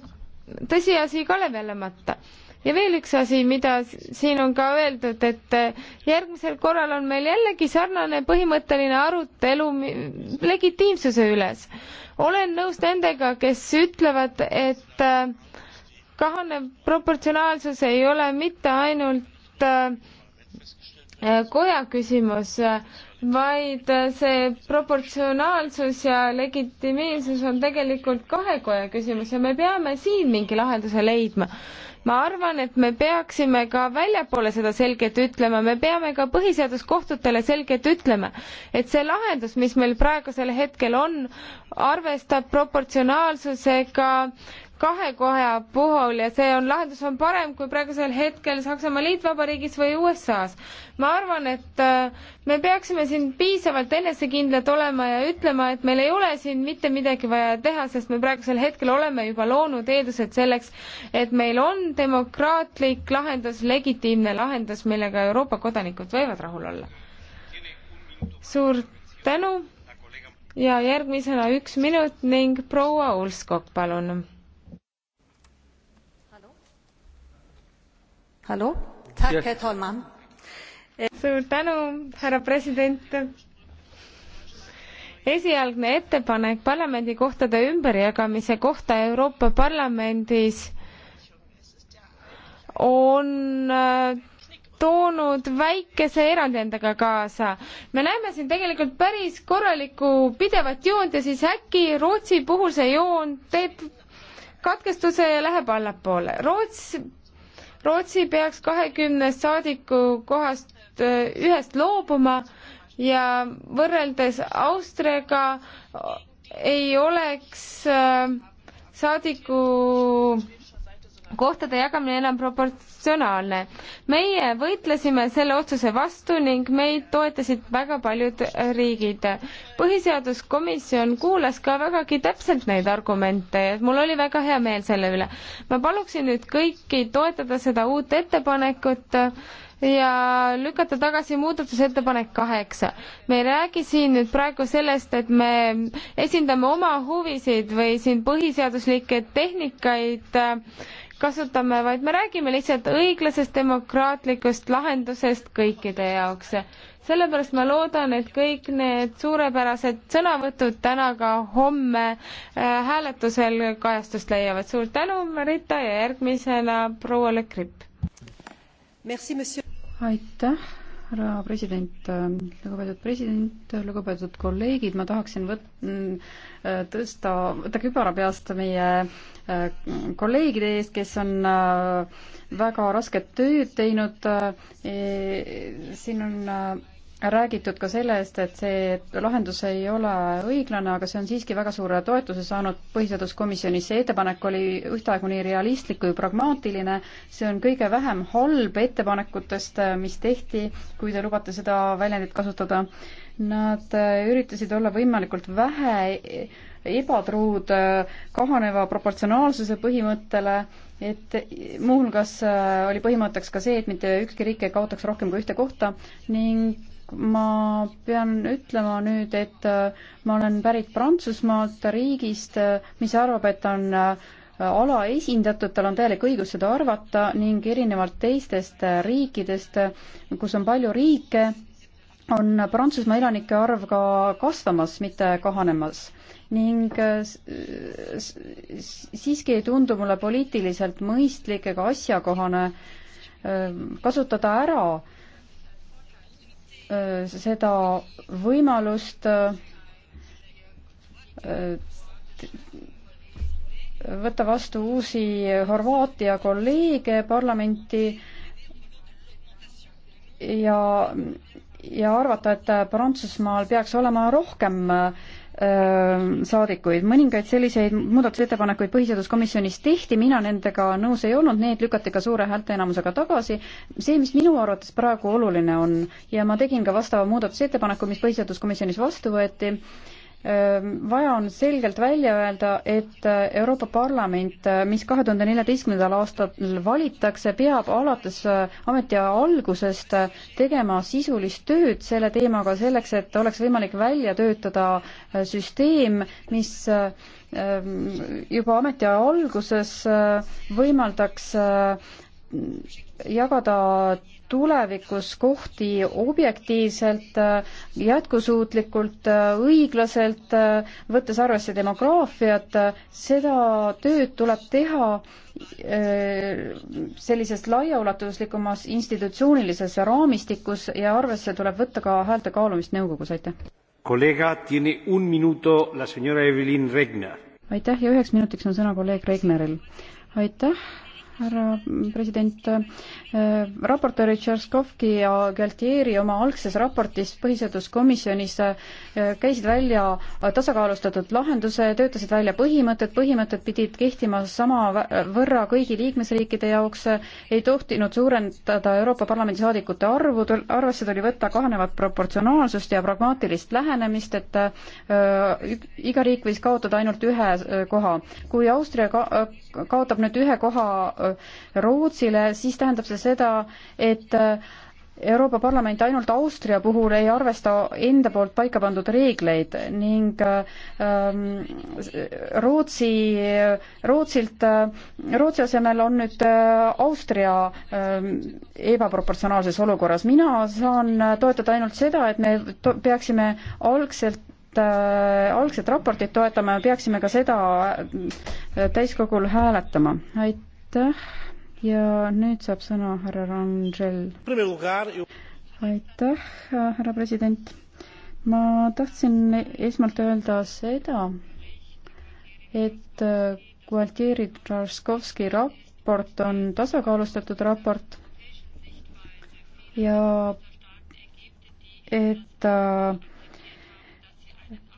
tõsiasi ka levelemata. ja veel üks asi, mida siin on ka öeldud, et äh, järgmisel korral on meil jällegi sarnane põhimõtteline arutelu legitiimsuse üles. olen nõus nendega, kes ütlevad, et äh, kahanev proportsionaalsus ei ole mitte ainult äh, Äh, koja küsimus, vaid äh, see proportsionaalsus ja legitiimsus on tegelikult kahe koja küsimus ja me peame siin mingi lahenduse leidma. ma arvan, et me peaksime ka väljapoole seda selgelt ütlema, me peame ka põhiseaduskohtutele selgelt ütlema, et see lahendus, mis meil praegusel hetkel on, arvestab proportsionaalsusega kahe koja puhul ja see on, lahendus on parem kui praegusel hetkel Saksamaa Liitvabariigis või USA-s. ma arvan, et äh, me peaksime siin piisavalt enesekindlad olema ja ütlema, et meil ei ole siin mitte midagi vaja teha, sest me praegusel hetkel oleme juba loonud eeldused selleks, et meil on demokraatlik lahendus, legitiimne lahendus, millega Euroopa kodanikud võivad rahul olla. suur tänu ja järgmisena üks minut ning proua Ulskog, palun herr talman! suur tänu härra president! esialgne ettepanek parlamendikohtade ümberjagamise kohta euroopa parlamendis on äh, toonud väikese erandi endaga kaasa. me näeme siin tegelikult päris korralikku pidevat joont ja siis äkki Rootsi puhul see joon teeb katkestuse ja läheb allapoole. Roots Rootsi peaks kahekümnest saadiku kohast eh, ühest loobuma ja võrreldes Austriaga eh, ei oleks eh, saadiku kohtade jagamine enam proportsionaalne. meie võitlesime selle otsuse vastu ning meid toetasid väga paljud riigid. põhiseaduskomisjon kuulas ka vägagi täpselt neid argumente ja mul oli väga hea meel selle üle. ma paluksin nüüd kõiki toetada seda uut ettepanekut ja lükata tagasi muudatusettepanek kaheksa. me ei räägi siin nüüd praegu sellest, et me esindame oma huvisid või siin põhiseaduslikke tehnikaid kasutame, vaid me räägime lihtsalt õiglasest demokraatlikust lahendusest kõikide jaoks. sellepärast ma loodan, et kõik need suurepärased sõnavõtud täna ka homme äh, hääletusel kajastust leiavad. suur tänu, Marita ja järgmisena proua Le Gripp. aitäh härra president, lugupeetud president, lugupeetud kolleegid, ma tahaksin võt-, mm, tõsta, võtta kübara peast meie äh, kolleegide eest, kes on äh, väga rasket tööd teinud. Äh, e-, siin on räägitud ka selle eest, et see lahendus ei ole õiglane, aga see on siiski väga suure toetuse saanud põhiseaduskomisjonis. see ettepanek oli ühtaegu nii realistlik kui pragmaatiline. see on kõige vähem halb ettepanekutest, mis tehti, kui te lubate seda väljendit kasutada. Nad üritasid olla võimalikult vähe ebatruud kahaneva proportsionaalsuse põhimõttele et muuhulgas äh, oli põhimõtteks ka see, et mitte ükski riik ei kaotaks rohkem kui ühte kohta ning ma pean ütlema nüüd, et äh, ma olen pärit Prantsusmaalt, riigist, äh, mis arvab, et on alaesindatud, tal on täielik õigus seda arvata ning erinevalt teistest riikidest, kus on palju riike, on Prantsusmaa elanike arv ka kasvamas, mitte kahanemas ning äh, siiski ei tundu mulle poliitiliselt mõistlik ega asjakohane äh, kasutada ära äh, seda võimalust võtta vastu uusi Horvaatia kolleege parlamenti ja, ja arvata, et Prantsusmaal peaks olema rohkem äh, Ähm, saadikuid. mõningaid selliseid muudatusettepanekuid põhiseaduskomisjonis tehti, mina nendega nõus ei olnud, need lükati ka suure häälteenamusega tagasi. see, mis minu arvates praegu oluline on ja ma tegin ka vastava muudatusettepaneku, mis põhiseaduskomisjonis vastu võeti, Ehm, vaja on selgelt välja öelda, et äh, Euroopa Parlament, äh, mis kahe tuhande neljateistkümnendal aastal valitakse, peab alates äh, ametiaja algusest tegema sisulist tööd selle teemaga selleks, et oleks võimalik välja töötada süsteem, mis ehm, juba ametiaja alguses võimaldaks jagada tulevikus kohti objektiivselt, jätkusuutlikult, õiglaselt, võttes arvesse demograafiat, seda tööd tuleb teha äh, sellises laiaulatuslikumas institutsioonilises raamistikus ja arvesse tuleb võtta ka häälte kaalumist nõukogus, aitäh. aitäh ja üheks minutiks on sõna kolleeg Regneril. aitäh härra president, äh, raportöörid Tšerskovki ja Galtieri oma algses raportis põhiseaduskomisjonis äh, käisid välja tasakaalustatud lahenduse, töötasid välja põhimõtted, põhimõtted pidid kehtima sama võrra kõigi liikmesriikide jaoks, ei tohtinud suurendada Euroopa Parlamendi saadikute arvu, arvesse tuli võtta kahanevat proportsionaalsust ja pragmaatilist lähenemist, et äh, iga riik võis kaotada ainult ühe koha. kui Austria ka kaotab nüüd ühe koha Rootsile, siis tähendab see seda, et Euroopa Parlament ainult Austria puhul ei arvesta enda poolt paika pandud reegleid ning ähm, Rootsi, Rootsilt, Rootsi asemel on nüüd äh, Austria ähm, ebaproportsionaalses olukorras. mina saan toetada ainult seda, et me peaksime algselt äh, algset raportit toetama ja peaksime ka seda äh, täiskogul hääletama. aitäh! aitäh ja nüüd saab sõna härra Rangel. aitäh, härra president. ma tahtsin esmalt öelda seda, et äh, Gualtieri Traskovski raport on tasakaalustatud raport ja et äh,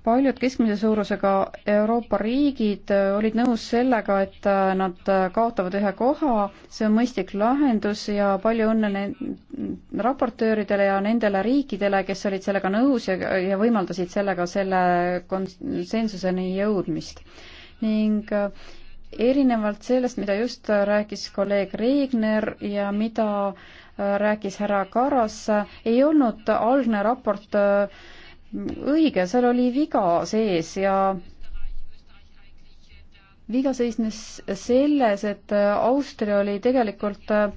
paljud keskmise suurusega Euroopa riigid äh, olid nõus sellega, et äh, nad äh, kaotavad ühe koha, see on mõistlik lahendus ja palju õnne raportööridele ja nendele riikidele, kes olid sellega nõus ja, ja võimaldasid sellega selle konsensuseni jõudmist. ning erinevalt sellest, mida just rääkis kolleeg Regner ja mida rääkis härra Karas, ei olnud algne raport äh, õige, seal oli viga sees ja viga seisnes selles, et Austria oli tegelikult äh,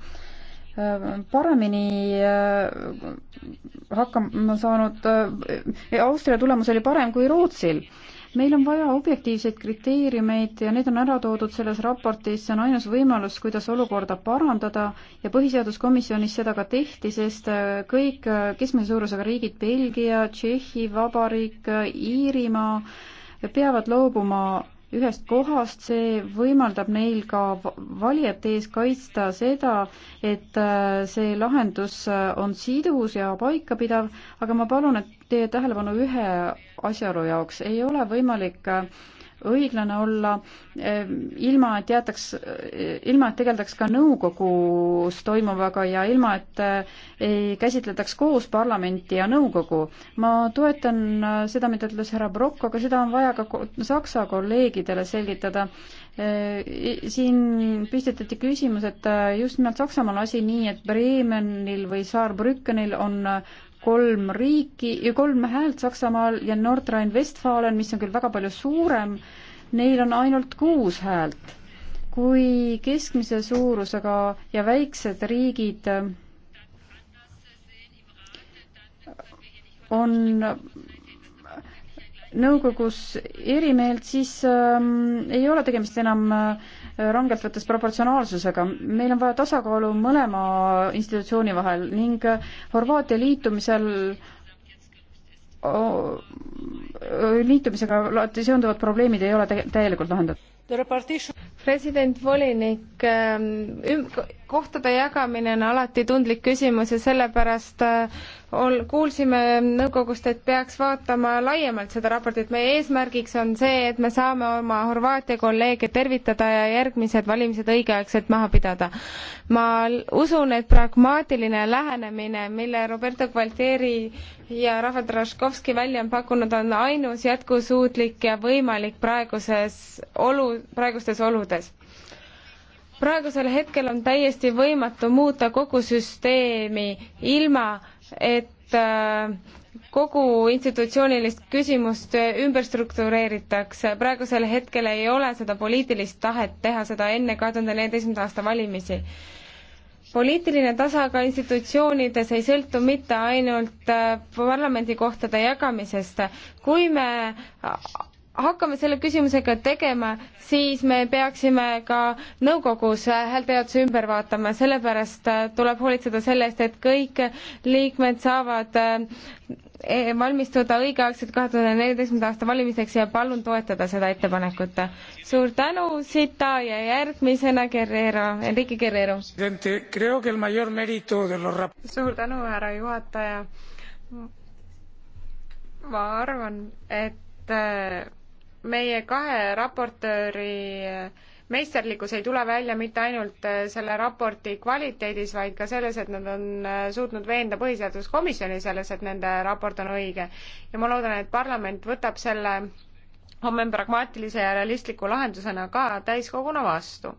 paremini äh, hakkama saanud, äh, Austria tulemus oli parem kui Rootsil meil on vaja objektiivseid kriteeriumeid ja need on ära toodud selles raportis, see on ainus võimalus, kuidas olukorda parandada ja Põhiseaduskomisjonis seda ka tehti, sest äh, kõik äh, keskmise suurusega riigid, Belgia, Tšehhi Vabariik, äh, Iirimaa, peavad loobuma ühest kohast, see võimaldab neil ka valijate ees kaitsta seda, et see lahendus on sidus ja paikapidav, aga ma palun, et teie tähelepanu ühe asjaolu jaoks, ei ole võimalik äh, õiglane olla äh, ilma, et jäetaks, äh, ilma, et tegeldaks ka nõukogus toimuvaga ja ilma, et ei käsitletaks koos parlamenti ja nõukogu. ma toetan seda, mida ütles härra Brokk, aga seda on vaja ka Saksa kolleegidele selgitada. Siin püstitati küsimus, et just nimelt Saksamaal asi nii, et Bremenil või Saarbrückenil on kolm riiki ja kolm häält Saksamaal ja Nordrhein-Westfalen, mis on küll väga palju suurem, neil on ainult kuus häält. kui keskmise suurusega ja väiksed riigid äh, on nõukogus erimeelt, siis ähm, ei ole tegemist enam äh, rangelt võttes proportsionaalsusega. meil on vaja tasakaalu mõlema institutsiooni vahel ning Horvaatia liitumisel liitumisega seonduvad probleemid ei ole täielikult lahendatud president volinik, ähm, kohtade jagamine on alati tundlik küsimus ja sellepärast äh, ol-, kuulsime nõukogust, et peaks vaatama laiemalt seda raportit. meie eesmärgiks on see, et me saame oma Horvaatia kolleege tervitada ja järgmised valimised õigeaegselt maha pidada. ma usun, et pragmaatiline lähenemine, mille Roberto Gualtieri ja Rafa Draškovski välja on pakkunud, on ainus jätkusuutlik ja võimalik praeguses olu, praegustes oludes suhtes. praegusel hetkel on täiesti võimatu muuta kogu süsteemi ilma, et äh, kogu institutsioonilist küsimust ümber struktureeritakse. praegusel hetkel ei ole seda poliitilist tahet teha seda enne kahe tuhande neljateistkümnenda aasta valimisi poliitiline tasakaal institutsioonides ei sõltu mitte ainult äh, parlamendikohtade jagamisest. kui me hakkame selle küsimusega tegema, siis me peaksime ka nõukogus häältejätuse ümber vaatama, sellepärast äh, tuleb hoolitseda selle eest, et kõik liikmed saavad äh, e-, valmistuda õigeaegselt kahe tuhande neljateistkümnenda aasta valimisteks ja palun toetada seda ettepanekut. suur tänu, Sita ja järgmisena Guerrero, Enrique Guerrero. suur tänu, härra juhataja. ma arvan, et äh, meie kahe raportööri meisterlikkus ei tule välja mitte ainult äh, selle raporti kvaliteedis, vaid ka selles, et nad on äh, suutnud veenda Põhiseaduskomisjoni selles, et nende raport on õige. ja ma loodan, et parlament võtab selle homme pragmaatilise ja realistliku lahendusena ka täiskoguna vastu.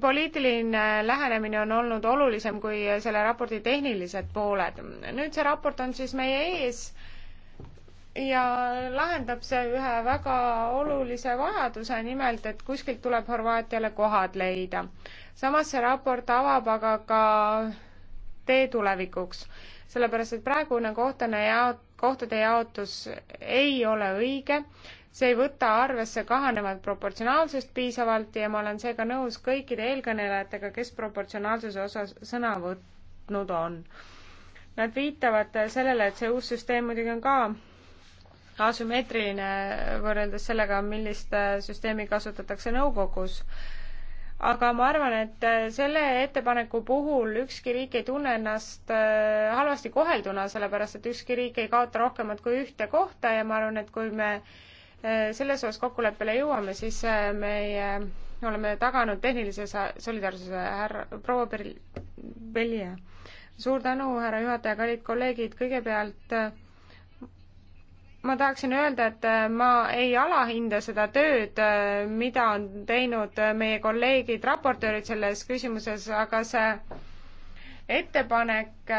poliitiline lähenemine on olnud olulisem kui selle raporti tehnilised pooled. nüüd see raport on siis meie ees ja lahendab see ühe väga olulise vajaduse, nimelt et kuskilt tuleb Horvaatiale kohad leida. samas see raport avab aga ka tee tulevikuks, sellepärast et praegune kohtade jaot-, kohtade jaotus ei ole õige, see ei võta arvesse kahanevat proportsionaalsust piisavalt ja ma olen seega nõus kõikide eelkõnelejatega, kes proportsionaalsuse osas sõna võtnud on. Nad viitavad sellele, et see uus süsteem muidugi on ka asümmeetriline võrreldes sellega, millist äh, süsteemi kasutatakse nõukogus. aga ma arvan, et äh, selle ettepaneku puhul ükski riik ei tunne ennast äh, halvasti kohelduna, sellepärast et ükski riik ei kaota rohkemat kui ühte kohta ja ma arvan, et kui me selles osas kokkuleppele jõuame, siis meie oleme taganud tehnilise solidaarsuse härra, proua Belje. suur tänu, härra juhataja, kallid kolleegid, kõigepealt äh, ma tahaksin öelda, et äh, ma ei alahinda seda tööd, äh, mida on teinud äh, meie kolleegid, raportöörid selles küsimuses, aga see ettepanek,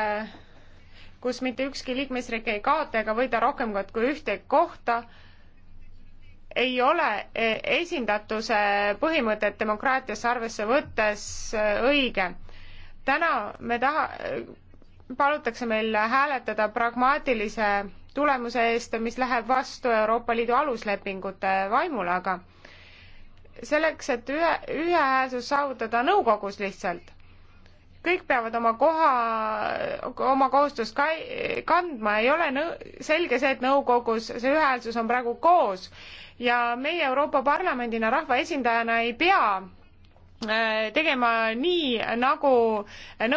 kus mitte ükski liikmesriik ei kaota ega võida rohkem kui ühte kohta, ei ole e, esindatuse põhimõtet demokraatias arvesse võttes õige. täna me taha, palutakse meil hääletada pragmaatilise tulemuse eest, mis läheb vastu Euroopa Liidu aluslepingute vaimule, aga selleks, et ühe, ühehäälsus saavutada nõukogus lihtsalt, kõik peavad oma koha, oma kohustust ka, kandma, ei ole nõu-, selge see, et nõukogus see ühehäälsus on praegu koos ja meie Euroopa Parlamendina rahvaesindajana ei pea äh, tegema nii, nagu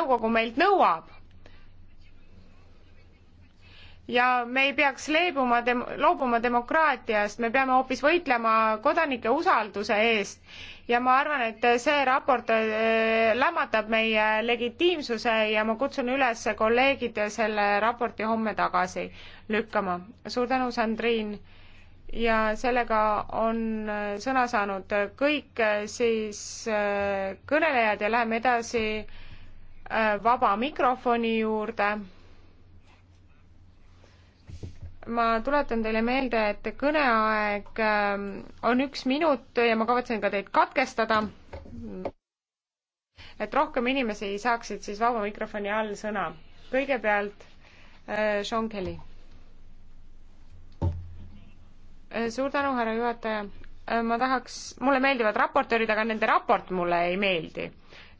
nõukogu meilt nõuab ja me ei peaks leebuma dem-, loobuma demokraatiast, me peame hoopis võitlema kodanike usalduse eest. ja ma arvan, et see raport äh, lämmatab meie legitiimsuse ja ma kutsun üles kolleegid selle raporti homme tagasi lükkama. suur tänu, Sandriin! ja sellega on äh, sõna saanud kõik äh, siis kõnelejad ja läheme edasi vaba mikrofoni juurde ma tuletan teile meelde, et kõneaeg ähm, on üks minut ja ma kavatsen ka teid katkestada. et rohkem inimesi saaksid siis vaba mikrofoni all sõna. kõigepealt äh, Sean Kelly. Äh, suur tänu, härra juhataja. Äh, ma tahaks, mulle meeldivad raportöörid, aga nende raport mulle ei meeldi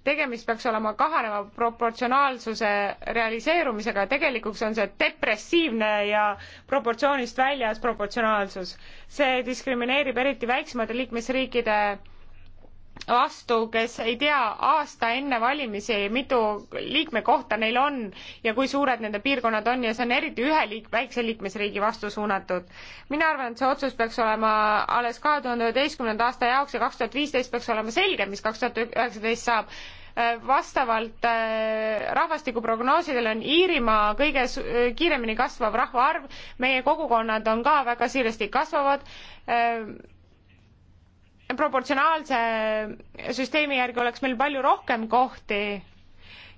tegemist peaks olema kahaneva proportsionaalsuse realiseerumisega, tegelikuks on see depressiivne ja proportsioonist väljas proportsionaalsus. see diskrimineerib eriti väiksemate liikmesriikide vastu, kes ei tea aasta enne valimisi, mitu liikmekohta neil on ja kui suured nende piirkonnad on ja see on eriti ühe liik-, väikse liikmesriigi vastu suunatud. mina arvan, et see otsus peaks olema alles kahe tuhande üheteistkümnenda aasta jaoks ja kaks tuhat viisteist peaks olema selge, mis kaks tuhat üheksateist saab vastavalt äh, rahvastikuprognoosidele on Iirimaa kõige äh, kiiremini kasvav rahvaarv, meie kogukonnad on ka väga kiiresti kasvavad äh, proportsionaalse süsteemi järgi oleks meil palju rohkem kohti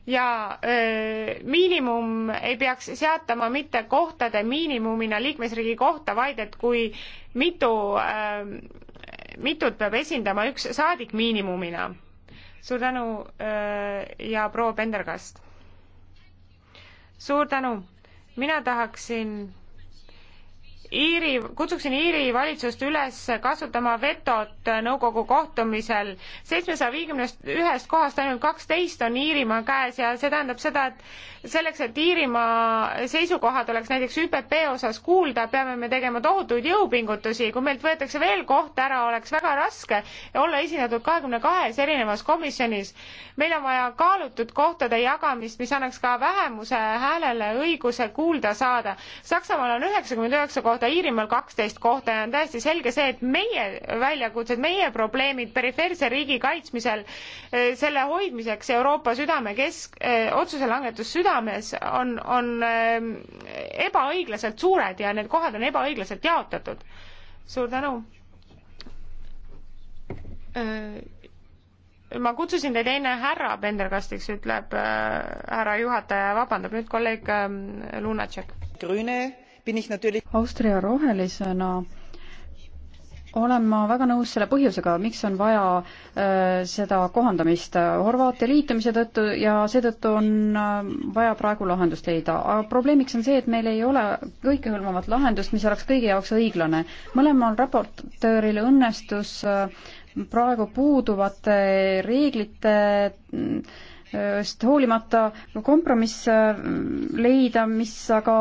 ja öö, miinimum ei peaks seatama mitte kohtade miinimumina liikmesriigi kohta, vaid et kui mitu, mitut peab esindama üks saadik miinimumina. suur tänu öö, ja proua Pendergast. suur tänu, mina tahaksin Iiri, kutsuksin Iiri valitsust üles kasutama vetot nõukogu kohtumisel. seitsmesaja viiekümnest ühest kohast ainult kaksteist on Iirimaa käes ja see tähendab seda, et selleks, et Iirimaa seisukohad oleks näiteks ÜPP osas kuulda, peame me tegema tohutuid jõupingutusi. kui meilt võetakse veel koht ära, oleks väga raske olla esindatud kahekümne kahes erinevas komisjonis. meil on vaja kaalutud kohtade jagamist, mis annaks ka vähemuse häälele õiguse kuulda saada. Saksamaal on üheksakümmend üheksa kohta kohta, Iirimaal kaksteist kohta ja on täiesti selge see, et meie väljakutsed, meie probleemid perifeerse riigi kaitsmisel, eh, selle hoidmiseks Euroopa südame kesk, eh, otsuse langetus südames on, on eh, ebaõiglaselt suured ja need kohad on ebaõiglaselt jaotatud. suur tänu! ma kutsusin teid enne härra Penderkastiks, ütleb härra juhataja, vabandab nüüd kolleeg Lunatšek. Grüne bin ich natürlich Austria rohelisena olen ma väga nõus selle põhjusega, miks on vaja äh, seda kohandamist Horvaatia liitumise tõttu ja seetõttu on äh, vaja praegu lahendust leida. aga probleemiks on see, et meil ei ole kõikehõlmavat lahendust, mis oleks kõigi jaoks õiglane. mõlemal raportööril õnnestus äh, praegu puuduvate reeglite äh, sest hoolimata kompromiss äh, leida, mis aga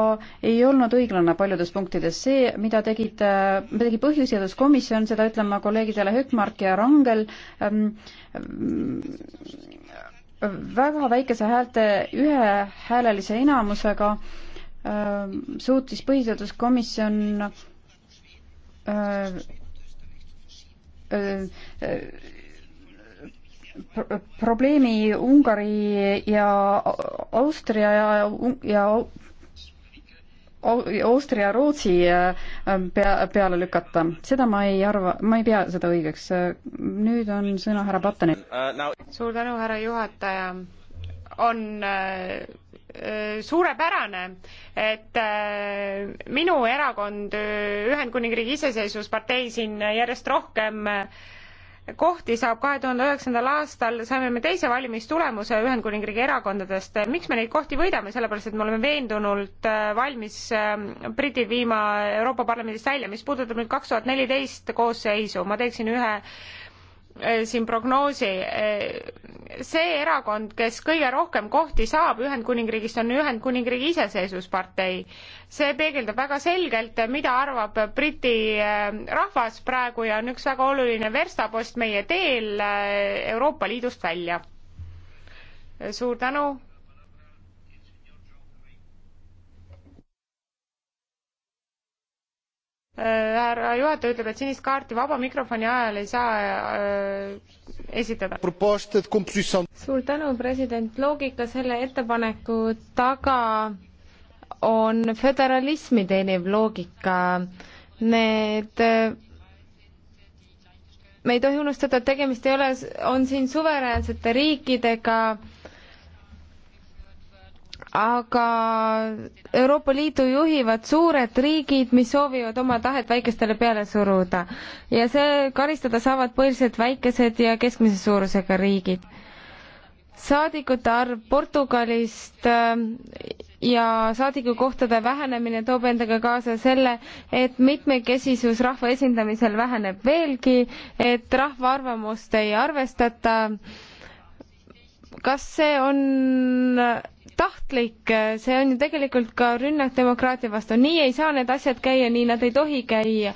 ei olnud õiglane paljudes punktides. see, mida tegid, äh, tegi Põhjuseaduskomisjon, seda ütlen ma kolleegidele Hökmark ja Rangel ähm,, väga väikese häälte, ühehäälelise enamusega ähm, suutis Põhiseaduskomisjon äh, äh, probleemi Ungari ja Austria ja, ja Austria ja Rootsi äh, pea, peale lükata, seda ma ei arva, ma ei pea seda õigeks. nüüd on sõna härra Pattenil. Uh, suur tänu, härra juhataja. on äh, äh, suurepärane, et minu erakond Ühendkuningriigi iseseisvuspartei siin järjest rohkem kohti saab kahe tuhande üheksandal aastal, saime me teise valimistulemuse Ühendkuningriigi erakondadest. miks me neid kohti võidame, sellepärast et me oleme veendunult äh, valmis äh, britid viima Euroopa Parlamendist välja. mis puudutab nüüd kaks tuhat neliteist koosseisu, ma teeksin ühe Äh, siin prognoosi. Äh, see erakond, kes kõige rohkem kohti saab Ühendkuningriigist, on Ühendkuningriigi iseseisvuspartei. see peegeldab väga selgelt, äh, mida arvab Briti rahvas praegu ja on üks väga oluline verstapost meie teel Euroopa Liidust välja. suur tänu härra juhataja ütleb, et sinist kaarti vaba mikrofoni ajal ei saa äh, esitada. suur tänu, president. loogika selle ettepaneku taga on föderalismi teeniv loogika. Need me ei tohi unustada, et tegemist ei ole, on siin suveräänsete riikidega aga Euroopa Liidu juhivad suured riigid, mis soovivad oma tahet väikestele peale suruda ja see karistada saavad põhiliselt väikesed ja keskmise suurusega riigid. saadikute arv Portugalist äh, ja saadikukohtade vähenemine toob endaga kaasa selle, et mitmekesisus rahva esindamisel väheneb veelgi, et rahva arvamust ei arvestata. kas see on tahtlik, see on ju tegelikult ka rünnak demokraatia vastu, nii ei saa need asjad käia, nii nad ei tohi käia.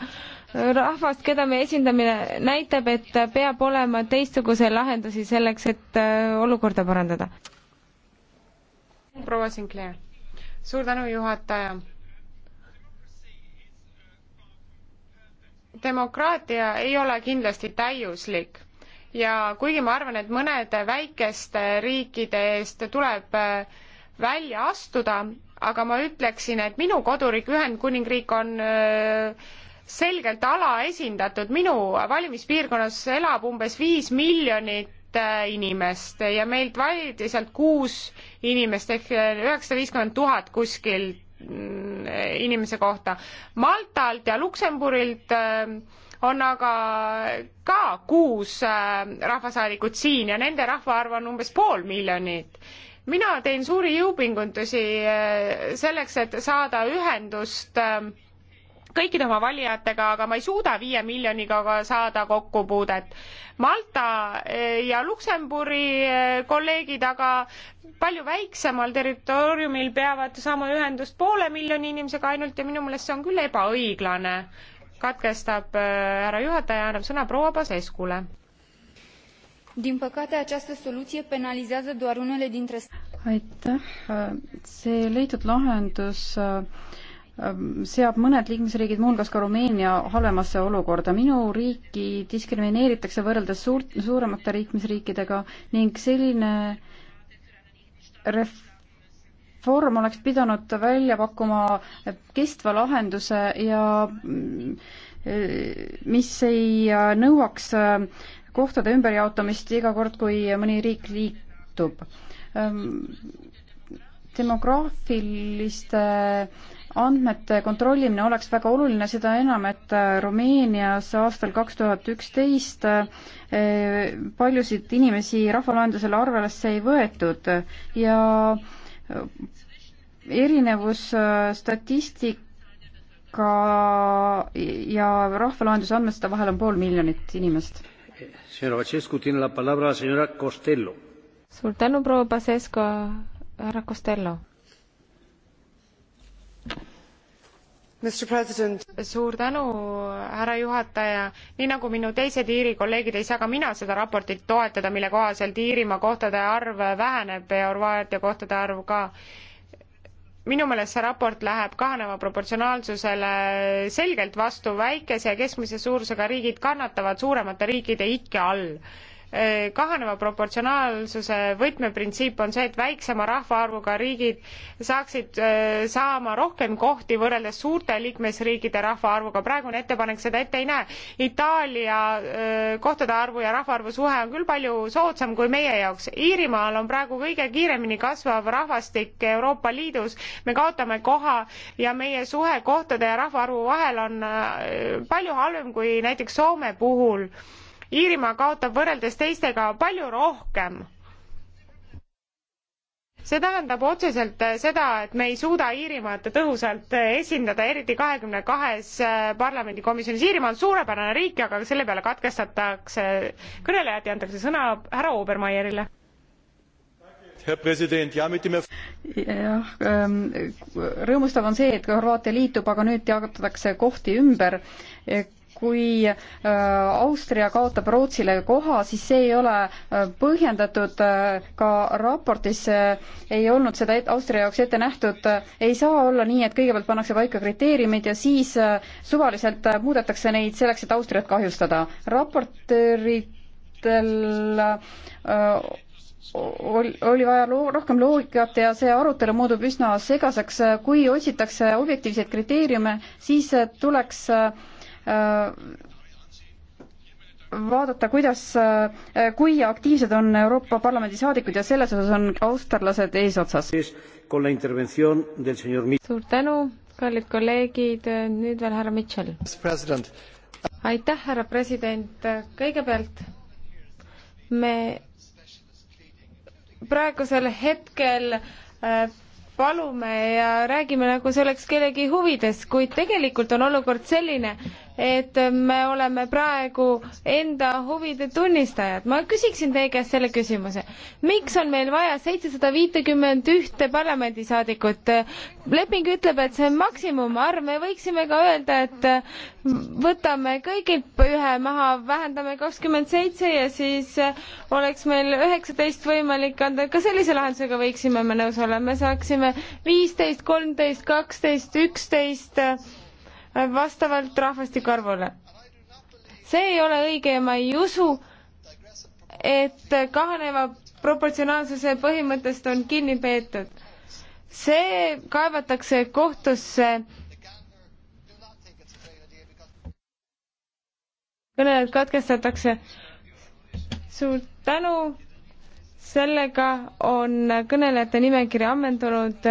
rahvast, keda me esindame, näitab, et peab olema teistsuguseid lahendusi selleks, et äh, olukorda parandada. proua Sinclair, suur tänu, juhataja demokraatia ei ole kindlasti täiuslik ja kuigi ma arvan, et mõnede väikeste riikide eest tuleb äh, välja astuda, aga ma ütleksin, et minu koduriik Ühendkuningriik on äh, selgelt alaesindatud, minu valimispiirkonnas elab umbes viis miljonit äh, inimest ja meilt valiti sealt kuus inimest ehk äh, üheksasada viiskümmend tuhat kuskilt mm, inimese kohta. Maltalt ja Luksemburilt on aga ka kuus rahvasaadikut siin ja nende rahvaarv on umbes pool miljonit mina teen suuri jõupingutusi äh, selleks, et saada ühendust ähm, kõikide oma valijatega, aga ma ei suuda viie miljoniga saada kokkupuudet. Malta äh, ja Luksemburi äh, kolleegid aga palju väiksemal territooriumil peavad saama ühendust poole miljoni inimesega ainult ja minu meelest see on küll ebaõiglane. katkestab härra juhataja, annab sõna proua Paseskule din păcate această soluie penalizează doar unele dintre aitäh, see leitud lahendus ähm, seab mõned liikmesriigid, muuhulgas ka Rumeenia, halvemasse olukorda. minu riiki diskrimineeritakse võrreldes suurt, suuremate liikmesriikidega ning selline reform oleks pidanud välja pakkuma kestva lahenduse ja mm, mis ei äh, nõuaks äh, kohtade ümberjaotamist iga kord, kui mõni riik liitub. Ehm, demograafiliste andmete kontrollimine oleks väga oluline, seda enam, et äh, Rumeenias aastal kaks tuhat üksteist äh, paljusid inimesi rahvalahendusel arvelesse ei võetud ja äh, erinevus statistik ka ja rahvalahenduse andmete vahel on pool miljonit inimest suur tänu, proua Pasescu, härra Costello. suur tänu, härra juhataja. nii nagu minu teised Iiri kolleegid, ei saa ka mina seda raportit toetada, mille kohaselt Iirimaa kohtade arv väheneb ja Horvaatia kohtade arv ka minu meelest see raport läheb kahaneva proportsionaalsusele selgelt vastu, väikese ja keskmise suurusega riigid kannatavad suuremate riikide ikke all Äh, kahaneva proportsionaalsuse võtmeprintsiip on see, et väiksema rahvaarvuga riigid saaksid äh, saama rohkem kohti võrreldes suurte liikmesriikide rahvaarvuga. praegune ettepanek seda ette ei näe. Itaalia äh, kohtade arvu ja rahvaarvu suhe on küll palju soodsam kui meie jaoks. Iirimaal on praegu kõige kiiremini kasvav rahvastik Euroopa Liidus. me kaotame koha ja meie suhe kohtade ja rahvaarvu vahel on palju halvem kui näiteks Soome puhul Iirimaa kaotab võrreldes teistega palju rohkem see tähendab otseselt seda, et me ei suuda Iirimaad tõhusalt esindada, eriti kahekümne kahes äh, parlamendikomisjonis. Iirimaa on suurepärane riik, aga selle peale katkestatakse kõnelejad ja antakse sõna härra Obermeierile. jah, ähm, rõõmustav on see, et Horvaatia liitub, aga nüüd jagatakse kohti ümber kui äh, Austria kaotab Rootsile koha, siis see ei ole äh, põhjendatud, äh, ka raportis ei olnud seda Austria jaoks ette nähtud, ei saa olla nii, et kõigepealt pannakse paika kriteeriumid ja siis suvaliselt muudetakse neid selleks, et Austriat kahjustada. raportööridel oli vaja loo-, rohkem loogikat ja see arutelu muutub üsna segaseks, kui otsitakse objektiivseid kriteeriume, siis tuleks äh, Äh, vaadata, kuidas, äh, kui aktiivsed on Euroopa Parlamendi saadikud ja selles osas on austerlased eesotsas. suur tänu, kallid kolleegid, nüüd veel härra Mitchell. aitäh, härra president, kõigepealt me praegusel hetkel äh, palume ja räägime nagu see oleks kellegi huvides, kuid tegelikult on olukord selline, et me oleme praegu enda huvide tunnistajad. ma küsiksin teie käest selle küsimuse. miks on meil vaja seitsesada viitekümmet ühte parlamendisaadikut? leping ütleb, et see on maksimumarv, me võiksime ka öelda, et võtame kõigilt ühe maha, vähendame kakskümmend seitse ja siis oleks meil üheksateist võimalik anda, ka sellise lahendusega võiksime me nõus olla, me saaksime viisteist, kolmteist, kaksteist, üksteist vastavalt rahvastikarvule. see ei ole õige ja ma ei usu, et kahaneva proportsionaalsuse põhimõttest on kinni peetud. see kaevatakse kohtusse kõnelejad katkestatakse. suur tänu, sellega on kõnelejate nimekiri ammendunud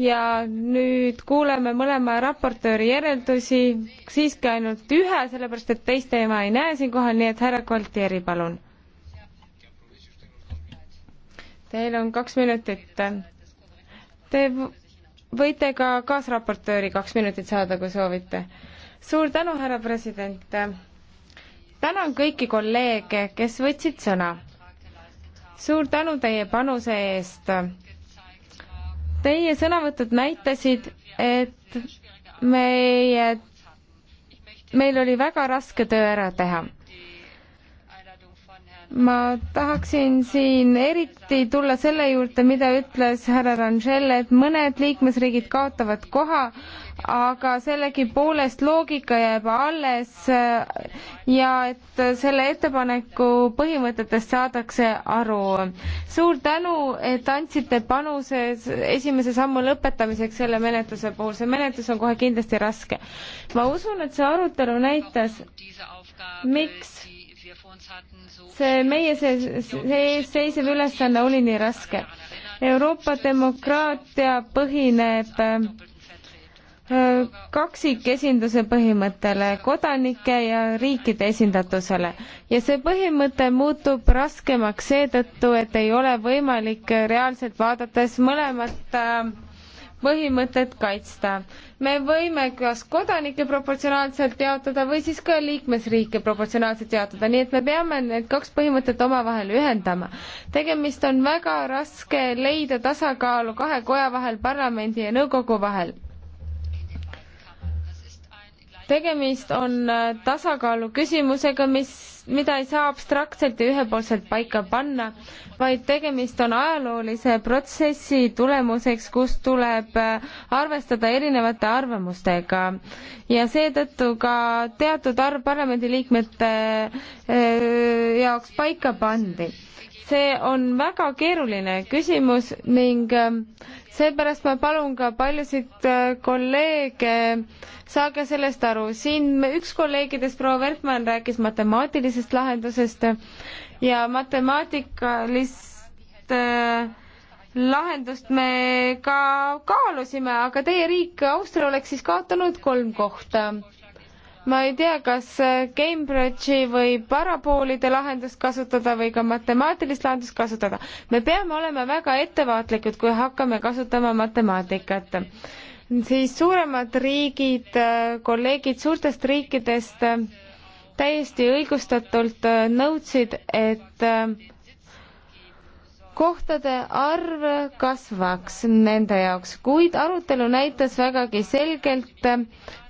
ja nüüd kuuleme mõlema raportööri järeldusi, siiski ainult ühe, sellepärast et teist teema ei näe siinkohal, nii et härra Koltieri, palun. Teil on kaks minutit. Te võite ka kaasraportööri kaks minutit saada, kui soovite. suur tänu, härra president. tänan kõiki kolleege, kes võtsid sõna. suur tänu teie panuse eest Teie sõnavõtud näitasid, et meie, meil oli väga raske töö ära teha. ma tahaksin siin eriti tulla selle juurde, mida ütles härra Rangel, et mõned liikmesriigid kaotavad koha aga sellegipoolest loogika jääb alles äh, ja et selle ettepaneku põhimõtetest saadakse aru. suur tänu, et andsite panuse esimese sammu lõpetamiseks selle menetluse puhul, see menetlus on kohe kindlasti raske. ma usun, et see arutelu näitas, miks see meie sees seisev ülesanne oli nii raske. Euroopa demokraatia põhineb äh, kaksikesinduse põhimõttele, kodanike ja riikide esindatusele. ja see põhimõte muutub raskemaks seetõttu, et ei ole võimalik reaalselt vaadates mõlemat äh, põhimõtet kaitsta. me võime kas kodanikke proportsionaalselt jaotada või siis ka liikmesriike proportsionaalselt jaotada, nii et me peame need kaks põhimõtet omavahel ühendama. tegemist on väga raske leida tasakaalu kahe koja vahel, parlamendi ja nõukogu vahel tegemist on äh, tasakaalu küsimusega, mis, mida ei saa abstraktselt ja ühepoolselt paika panna, vaid tegemist on ajaloolise protsessi tulemuseks, kus tuleb äh, arvestada erinevate arvamustega. ja seetõttu ka teatud arv parlamendiliikmete äh, jaoks paika pandi see on väga keeruline küsimus ning ähm, seepärast ma palun ka paljusid äh, kolleege, saage sellest aru, siin üks kolleegidest, proua Wertmann, rääkis matemaatilisest lahendusest ja matemaatikalist äh, lahendust me ka kaalusime, aga teie riik, Austria, oleks siis kaotanud kolm kohta ma ei tea, kas äh, Cambridge'i või paraboolide lahendust kasutada või ka matemaatilist lahendust kasutada. me peame olema väga ettevaatlikud, kui hakkame kasutama matemaatikat. siis suuremad riigid, äh, kolleegid suurtest riikidest äh, täiesti õigustatult nõudsid, et kohtade arv kasvaks nende jaoks, kuid arutelu näitas vägagi selgelt,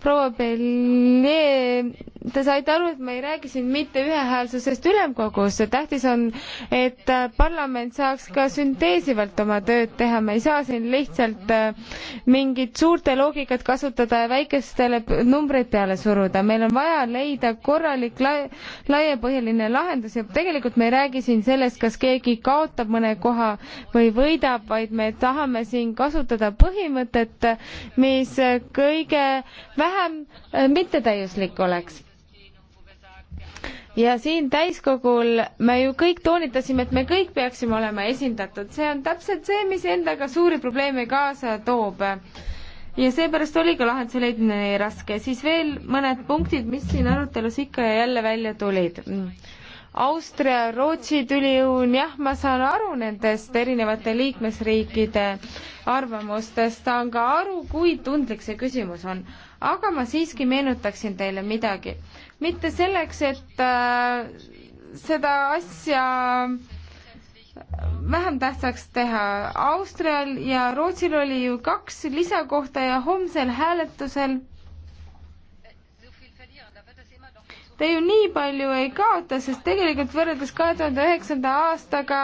proua Belje, te saite aru, et ma ei räägi siin mitte ühehäälsusest ülemkogus, tähtis on, et parlament saaks ka sünteesivalt oma tööd teha, me ei saa siin lihtsalt äh, mingit suurte loogikat kasutada ja väikestele numbreid peale suruda, meil on vaja leida korralik lai-, laiapõhjaline lahendus ja tegelikult me ei räägi siin sellest, kas keegi kaotab mõne koha või võidab, vaid me tahame siin kasutada põhimõtet, mis kõige vähem vähem äh, mittetäiuslik oleks ja siin täiskogul me ju kõik toonitasime, et me kõik peaksime olema esindatud, see on täpselt see, mis endaga suuri probleeme kaasa toob. ja seepärast oli ka lahenduse leidmine nii raske, siis veel mõned punktid, mis siin arutelus ikka ja jälle välja tulid. Austria, Rootsi tüliõun, jah, ma saan aru nendest erinevate liikmesriikide arvamustest, saan ka aru, kui tundlik see küsimus on aga ma siiski meenutaksin teile midagi. mitte selleks, et äh, seda asja äh, vähem tähtsaks teha. Austrial ja Rootsil oli ju kaks lisakohta ja homsel hääletusel Te ju nii palju ei kaota, sest tegelikult võrreldes kahe tuhande üheksanda aastaga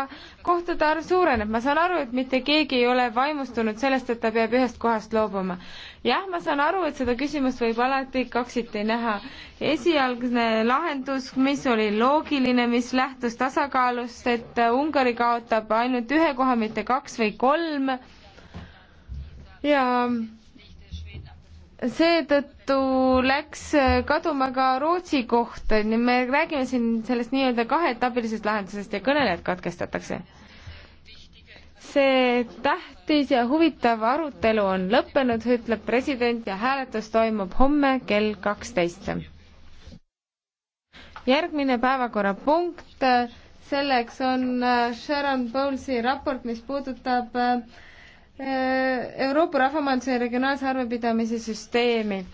kohtade arv suureneb. ma saan aru, et mitte keegi ei ole vaimustunud sellest, et ta peab ühest kohast loobuma. jah, ma saan aru, et seda küsimust võib alati kaksiti näha. esialgne lahendus, mis oli loogiline, mis lähtus tasakaalust, et Ungari kaotab ainult ühe koha, mitte kaks või kolm ja seetõttu läks kaduma ka Rootsi koht, nii me räägime siin sellest nii-öelda kaheetapilisest lahendusest ja kõnelejad katkestatakse. see tähtis ja huvitav arutelu on lõppenud, ütleb president ja hääletus toimub homme kell kaksteist. järgmine päevakorrapunkt, selleks on Sharon Bowlesi raport, mis puudutab äh, Äh, Euroopa rahvamajanduse ja regionaalse arvepidamise süsteemi.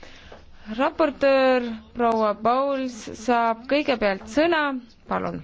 raportöör proua Pauls saab kõigepealt sõna, palun